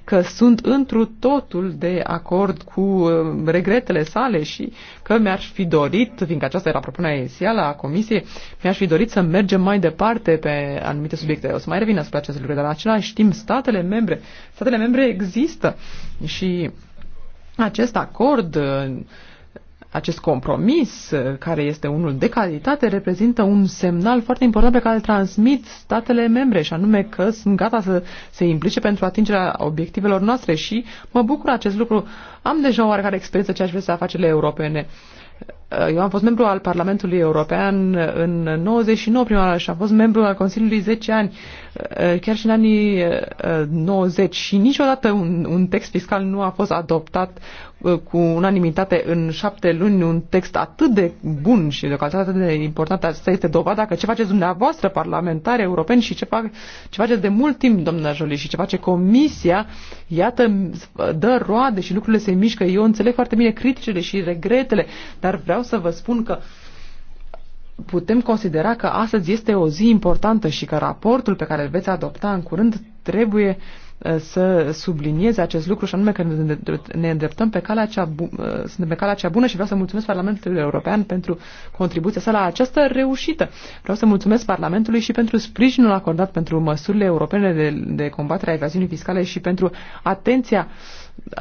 că sunt întru totul de acord cu uh, regretele sale și că mi-aș fi dorit, fiindcă aceasta era propunerea inițială a comisiei, mi-aș fi dorit să mergem mai departe pe anumite subiecte. O să mai revin asupra acestui lucru, dar în același timp statele membre, statele membre există și acest acord uh, acest compromis, uh, care este unul de calitate, reprezintă un semnal foarte important pe care îl transmit statele membre, și anume că sunt gata să se implice pentru atingerea obiectivelor noastre și mă bucur acest lucru. Am deja oarecare experiență ceea ce vreau să afacerile europene Uh, eu am fost membru al Parlamentului European în 99 prima oară și am fost membru al Consiliului 10 ani, uh, chiar și în anii 90 uh, și niciodată un, un text fiscal nu a fost adoptat cu unanimitate în șapte luni un text atât de bun și de calitate atât de importantă. Asta este dovada că ce faceți dumneavoastră, parlamentari europeni, și ce, fac, ce faceți de mult timp, domnule Jolie, și ce face Comisia, iată, dă roade și lucrurile se mișcă. Eu înțeleg foarte bine criticile și regretele, dar vreau vreau să vă spun că putem considera că astăzi este o zi importantă și că raportul pe care îl veți adopta în curând trebuie uh, să sublinieze acest lucru și anume că ne îndreptăm pe calea cea, bu- uh, suntem pe calea cea bună și vreau să mulțumesc Parlamentului European pentru contribuția sa la această reușită. Vreau să mulțumesc Parlamentului și pentru sprijinul acordat pentru măsurile europene de, de combatere a evaziunii fiscale și pentru atenția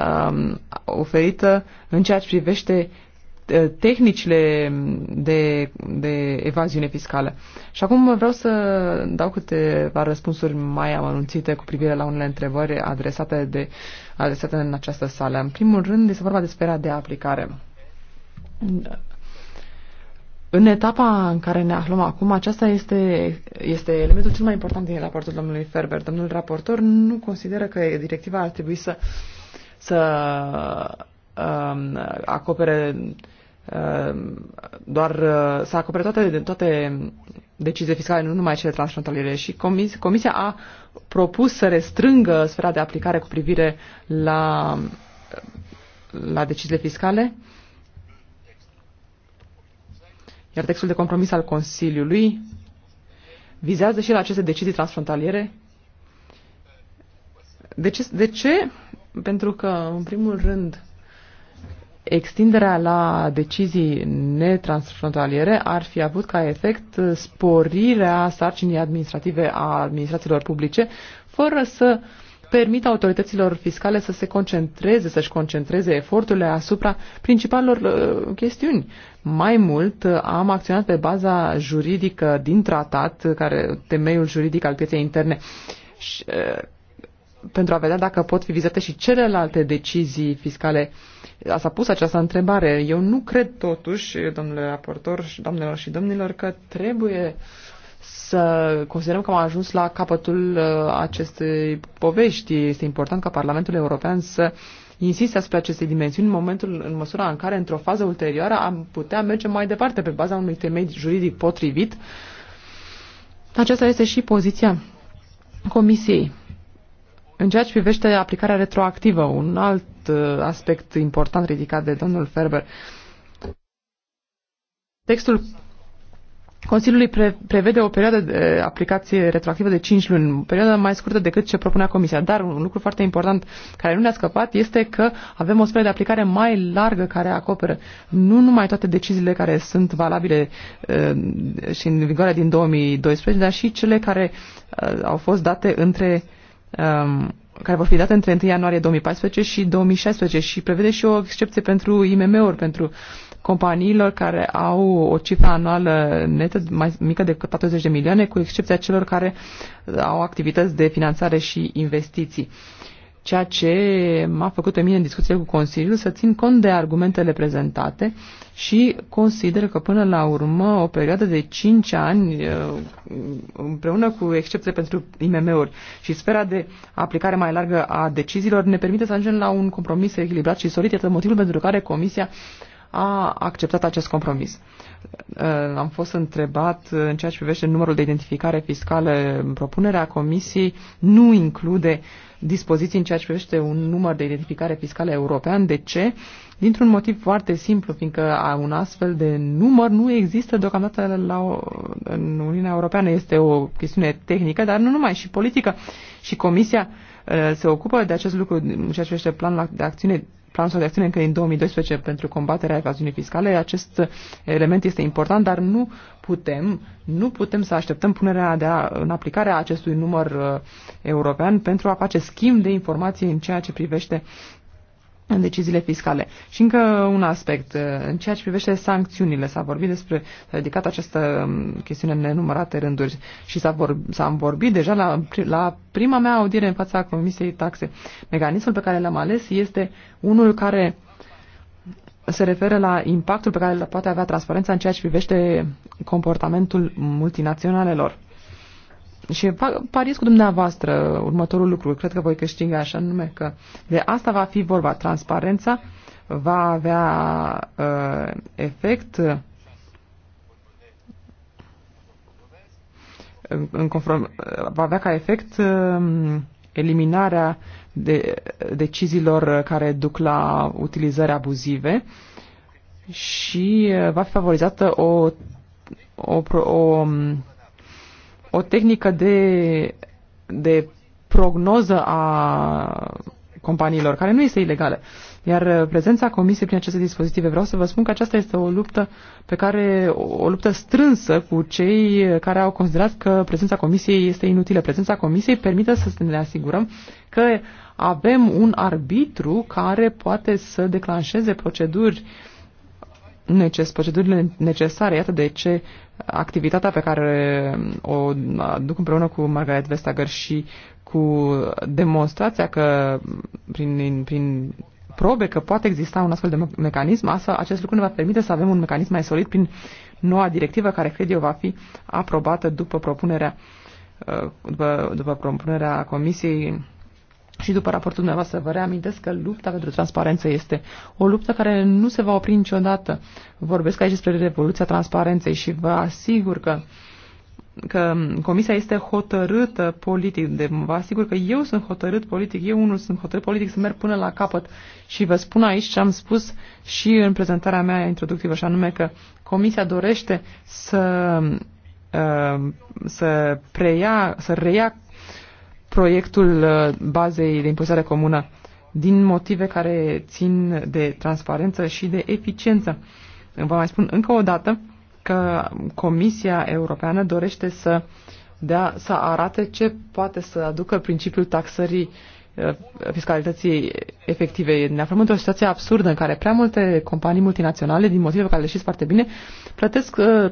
um, oferită în ceea ce privește Eh, tehnicile de, de evaziune fiscală. Și acum vreau să dau câteva răspunsuri mai amănunțite cu privire la unele întrebări adresate, de, adresate în această sală. În primul rând, este vorba de sfera de aplicare. În etapa în care ne aflăm acum, aceasta este, este elementul cel mai important din raportul domnului Ferber. Domnul raportor nu consideră că directiva ar trebui să, să uh, acopere uh, doar uh, să acopere toate, toate deciziile fiscale, nu numai cele transfrontaliere. Și comis, Comisia a propus să restrângă sfera de aplicare cu privire la, la deciziile fiscale. Iar textul de compromis al Consiliului vizează și la aceste decizii transfrontaliere. De ce? De ce? Pentru că, în primul rând, extinderea la decizii netransfrontaliere ar fi avut ca efect sporirea sarcinii administrative a administrațiilor publice, fără să permită autorităților fiscale să se concentreze, să-și concentreze eforturile asupra principalelor uh, chestiuni. Mai mult, am acționat pe baza juridică din tratat, care temeiul juridic al pieței interne. Și, uh, pentru a vedea dacă pot fi vizate și celelalte decizii fiscale uh, s-a pus această întrebare. Eu nu cred totuși, domnule raportor, doamnelor și domnilor, că trebuie să considerăm că am ajuns la capătul uh, acestei povești. Este important ca Parlamentul European să insiste asupra acestei dimensiuni în momentul, în măsura în care, într-o fază ulterioară, am putea merge mai departe pe baza unui temei juridic potrivit. Aceasta este și poziția Comisiei. În ceea ce privește aplicarea retroactivă, un alt uh, aspect important ridicat de domnul Ferber, textul Consiliului pre- prevede o perioadă de aplicație retroactivă de 5 luni, o perioadă mai scurtă decât ce propunea Comisia. Dar un lucru foarte important care nu ne-a scăpat este că avem o sferă de aplicare mai largă care acoperă nu numai toate deciziile care sunt valabile uh, și în vigoare din 2012, dar și cele care uh, au fost date între uh, um, care vor fi date între 1 ianuarie 2014 și 2016 și prevede și o excepție pentru IMM-uri, pentru companiilor care au o cifră anuală netă mai mică decât 40 de milioane, cu excepția celor care au activități de finanțare și investiții. Ceea ce m-a făcut pe mine în discuție cu Consiliul să țin cont de argumentele prezentate uh, și consideră că până la urmă o perioadă de 5 ani uh, împreună cu excepțiile pentru IMM-uri și sfera de aplicare mai largă a deciziilor ne permite să ajungem la un compromis echilibrat și solid, iată motivul pentru care Comisia a acceptat acest compromis. Uh, am fost întrebat uh, în ceea ce privește numărul de identificare fiscală. Propunerea Comisiei nu include dispoziții în ceea ce privește un număr de identificare fiscală european. De ce? Dintr-un motiv foarte simplu, fiindcă un astfel de număr nu există deocamdată la o, în Uniunea Europeană. Este o chestiune tehnică, dar nu numai, și politică. Și Comisia uh, se ocupă de acest lucru în ceea ce privește planul de acțiune planul de acțiune încă din 2012 pentru combaterea evaziunii fiscale. Acest element este important, dar nu putem, nu putem să așteptăm punerea de a, în aplicare a acestui număr uh, european pentru a face schimb de informații în ceea ce privește în deciziile fiscale. Și încă un aspect, uh, în ceea ce privește sancțiunile, s-a vorbit despre, s-a ridicat această um, chestiune în nenumărate rânduri și s-a, vorbit, s-a vorbit deja la, la prima mea audiere în fața Comisiei Taxe. Mecanismul pe care l-am ales este unul care se referă la impactul pe care îl poate avea transparența în ceea ce privește comportamentul multinaționalelor și fac, pariez cu dumneavoastră următorul lucru, cred că voi câștiga așa nume că de asta va fi vorba, transparența va avea uh, efect uh, în conform, uh, va avea ca efect um, eliminarea de, deciziilor care duc la utilizări abuzive și uh, va fi favorizată o, o, o um, o tehnică de, de prognoză a companiilor, care nu este ilegală. Iar uh, prezența Comisiei prin aceste dispozitive, vreau să vă spun că aceasta este o luptă pe care, o luptă strânsă cu cei care au considerat că prezența Comisiei este inutilă. Prezența Comisiei permite să ne asigurăm că avem un arbitru care poate să declanșeze proceduri uh, neces- procedurile necesare. Iată de ce activitatea pe care o duc împreună cu Margaret Vestager și cu demonstrația că prin, prin probe că poate exista un astfel de mecanism, asta, acest lucru ne va permite să avem un mecanism mai solid prin noua directivă care cred eu va fi aprobată după propunerea uh, după, după propunerea Comisiei și după raportul dumneavoastră vă reamintesc că lupta pentru transparență este o luptă care nu se va opri niciodată. Vorbesc aici despre revoluția transparenței și vă asigur că că comisia este hotărâtă politic, de, vă asigur că eu sunt hotărât politic, eu unul sunt hotărât politic să merg până la capăt și vă spun aici ce am spus și în prezentarea mea introductivă, și anume că comisia dorește să uh, să preia, să reia proiectul uh, bazei de impozitare comună din motive care țin de transparență și de eficiență. Vă mai spun încă o dată că Comisia Europeană dorește să, dea, să arate ce poate să aducă principiul taxării uh, fiscalității efective. Ne aflăm într-o situație absurdă în care prea multe companii multinaționale, din motive pe care le știți foarte bine, plătesc uh,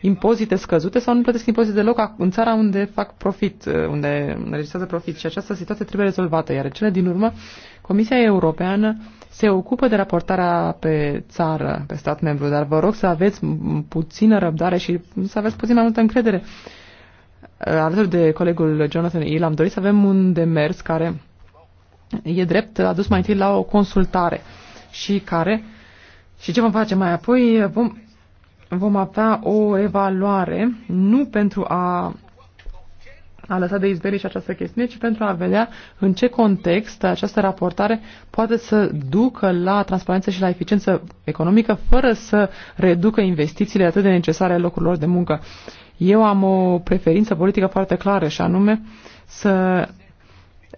impozite scăzute sau nu plătesc impozite deloc în țara unde fac profit, uh, unde înregistrează profit. Și această situație trebuie rezolvată. Iar cele din urmă, Comisia Europeană se ocupă de raportarea pe țară, pe stat membru, dar vă rog să aveți puțină răbdare și să aveți puțin mai multă încredere. Uh, alături de colegul Jonathan Il, am dorit să avem un demers care e drept adus mai întâi la o consultare și care și ce vom face mai apoi? Vom vom avea o evaluare, nu pentru a, a lăsa de și această chestiune, ci pentru a vedea în ce context această raportare poate să ducă la transparență și la eficiență economică, fără să reducă investițiile atât de necesare locurilor de muncă. Eu am o preferință politică foarte clară și anume să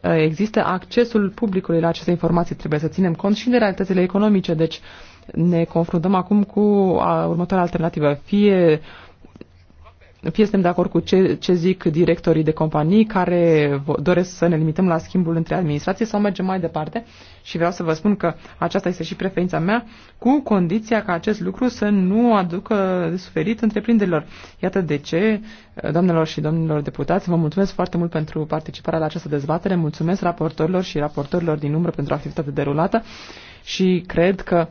existe accesul publicului la aceste informații. Trebuie să ținem cont și de realitățile economice, deci uh, ne confruntăm acum cu următoarea alternativă. Fie fie suntem de acord cu ce, ce zic directorii de companii care doresc să ne limităm la schimbul între administrație sau mergem mai departe și vreau să vă spun că aceasta este și preferința mea cu condiția ca acest lucru să nu aducă de suferit întreprinderilor. Iată de ce, doamnelor și domnilor deputați, vă mulțumesc foarte mult pentru participarea la această dezbatere, mulțumesc raportorilor și raportorilor din umbră pentru activitatea derulată și cred că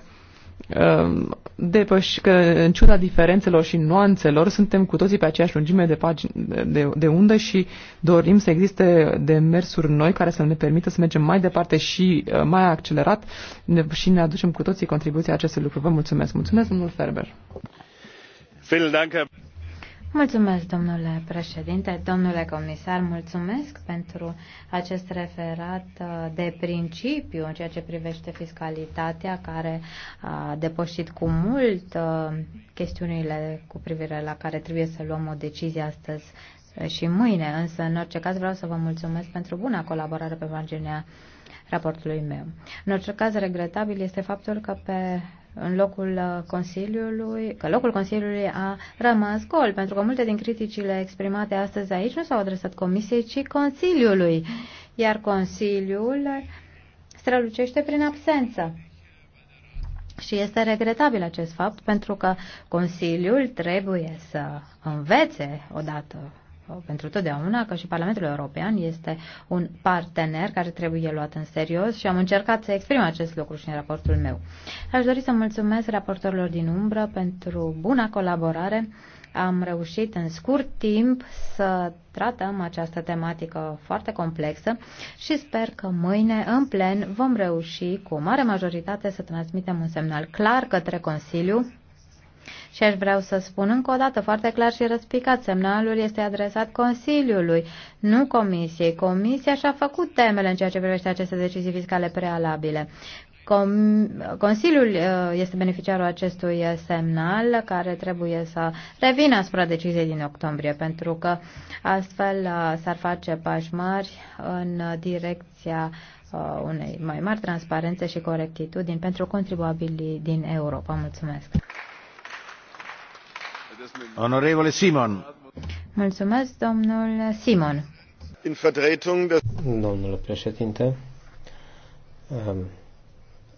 Ehm, depăși, că în ciuda diferențelor și nuanțelor suntem cu toții pe aceeași lungime de, pagi, de, de undă și dorim să existe demersuri noi care să ne permită să mergem mai departe și eh, mai accelerat ne, și ne aducem cu toții contribuția acestui lucru. Vă mulțumesc. Mulțumesc, domnul Ferber. Mulțumesc, domnule președinte, domnule comisar, mulțumesc pentru acest referat uh, de principiu în ceea ce privește fiscalitatea, care a depășit cu mult uh, chestiunile cu privire la care trebuie să luăm o decizie astăzi și mâine, însă în orice caz vreau să vă mulțumesc pentru buna colaborare pe marginea raportului meu. În orice caz, regretabil este faptul că pe în locul uh, Consiliului, că locul Consiliului a rămas gol, pentru că multe din criticile exprimate astăzi aici nu s-au adresat Comisiei, ci Consiliului, iar Consiliul strălucește prin absență. Și este regretabil acest fapt pentru că Consiliul trebuie să învețe odată pentru totdeauna că și Parlamentul European este un partener care trebuie luat în serios și am încercat să exprim acest lucru și în raportul meu. Aș dori să mulțumesc raportorilor din umbră pentru buna colaborare. Am reușit în scurt timp să tratăm această tematică foarte complexă și sper că mâine, în plen, vom reuși cu o mare majoritate să transmitem un semnal clar către Consiliu și aș vreau să spun încă o dată foarte clar și răspicat, semnalul este adresat Consiliului, nu Comisiei. Comisia și-a făcut temele în ceea ce privește aceste decizii fiscale prealabile. Consiliul uh, este beneficiarul acestui semnal care trebuie să revină asupra deciziei din octombrie, pentru că astfel uh, s-ar face pași mari în direcția uh, unei mai mari transparențe și corectitudini pentru contribuabilii din Europa. Mulțumesc! Onorevole Simon. Mulțumesc, domnul Simon. Domnule președinte, ehm,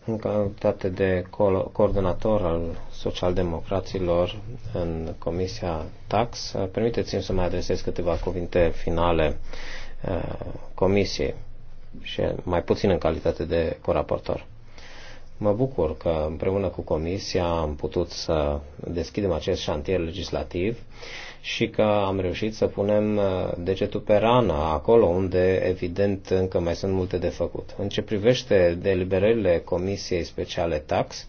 în calitate de coordonator al socialdemocraților în Comisia Tax, permiteți-mi să mai adresez câteva cuvinte finale eh, Comisiei și mai puțin în calitate de coraportor. Mă bucur că împreună cu Comisia am putut să deschidem acest șantier legislativ și că am reușit să punem uh, degetul pe rana, acolo unde, evident, încă mai sunt multe de făcut. În ce privește deliberările Comisiei Speciale Tax,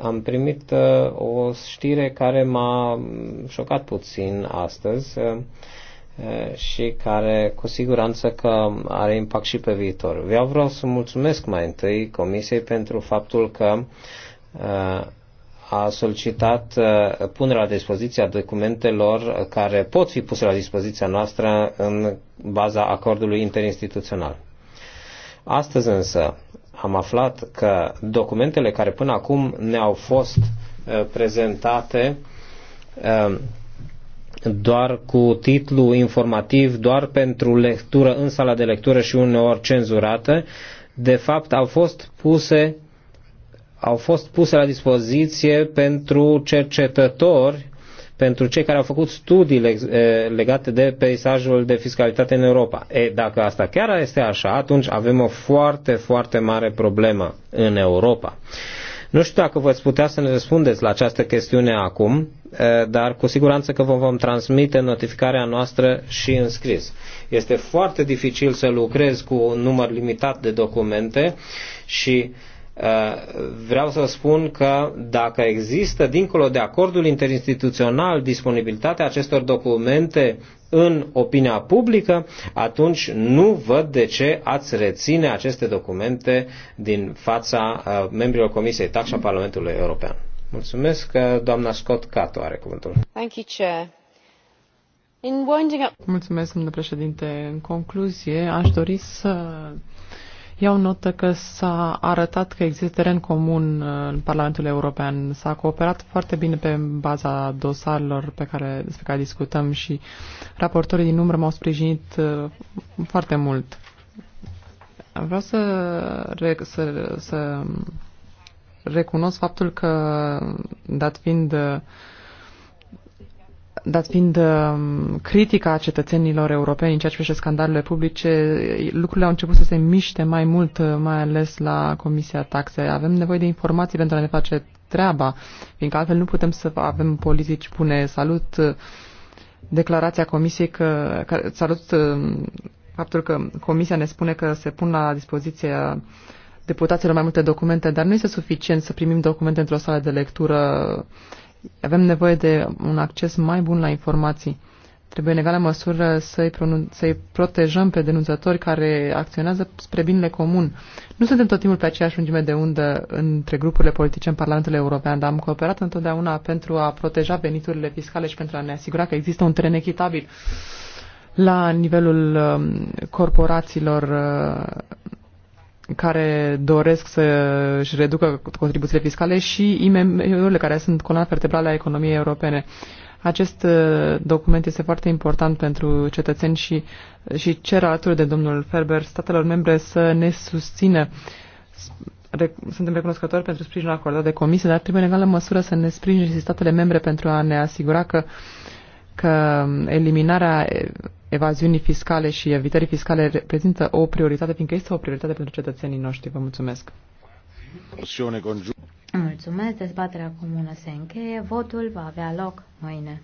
am primit uh, o știre care m-a mm, șocat puțin astăzi uh, și care cu siguranță că are impact și pe viitor. Eu vreau să mulțumesc mai întâi Comisiei pentru faptul că a solicitat punerea la dispoziția documentelor care pot fi puse la dispoziția noastră în baza acordului interinstituțional. Astăzi însă am aflat că documentele care până acum ne-au fost prezentate doar cu titlu informativ, doar pentru lectură în sala de lectură și uneori cenzurată, de fapt au fost puse au fost puse la dispoziție pentru cercetători, pentru cei care au făcut studii eh, legate de peisajul de fiscalitate în Europa. E, dacă asta chiar este așa, atunci avem o foarte, foarte mare problemă în Europa. Nu știu dacă veți putea să ne răspundeți la această chestiune acum, dar cu siguranță că vă vom transmite notificarea noastră și în scris. Este foarte dificil să lucrez cu un număr limitat de documente și vreau să spun că dacă există, dincolo de acordul interinstituțional, disponibilitatea acestor documente în opinia publică, atunci nu văd de ce ați reține aceste documente din fața uh, membrilor Comisiei Tax a Parlamentului European. Mulțumesc. Uh, doamna Scott Cato are cuvântul. Thank you, Chair. In winding up... Mulțumesc, domnule președinte. În concluzie, aș dori să Iau notă că s-a arătat că există teren comun uh, în Parlamentul European. S-a cooperat foarte bine pe baza dosarelor pe care, despre care discutăm și raportorii din umbră m-au sprijinit uh, foarte mult. Vreau să, să, să recunosc faptul că, dat fiind uh, dat fiind uh, critica cetățenilor europeni în ceea ce privește scandalurile publice, lucrurile au început să se miște mai mult, uh, mai ales la Comisia Taxe. Avem nevoie de informații pentru a ne face treaba, fiindcă altfel nu putem să avem politici pune salut uh, declarația Comisiei că, că salut faptul că Comisia ne spune că se pun la dispoziție deputaților mai multe documente, dar nu este suficient să primim documente într-o sală de lectură avem nevoie de un acces mai bun la informații. Trebuie în egală măsură să-i, să protejăm pe denunțători care acționează spre binele comun. Nu suntem tot timpul pe aceeași lungime de undă între grupurile politice în Parlamentul European, dar am cooperat întotdeauna pentru a proteja veniturile fiscale și pentru a ne asigura că există un teren echitabil la nivelul um, corporațiilor uh, care doresc să își reducă contribuțiile fiscale și IMM-urile care sunt coloana vertebrală a economiei europene. Acest uh, document este foarte important pentru cetățeni și, și cer alături de domnul Ferber statelor membre să ne susțină. Suntem recunoscători pentru sprijinul acordat de comisie, dar trebuie în egală măsură să ne sprijine și statele membre pentru a ne asigura că, că eliminarea evaziunii fiscale și evitării fiscale reprezintă o prioritate, fiindcă este o prioritate pentru cetățenii noștri. Vă mulțumesc! Mulțumesc! Dezbaterea comună se încheie. Votul va avea loc mâine.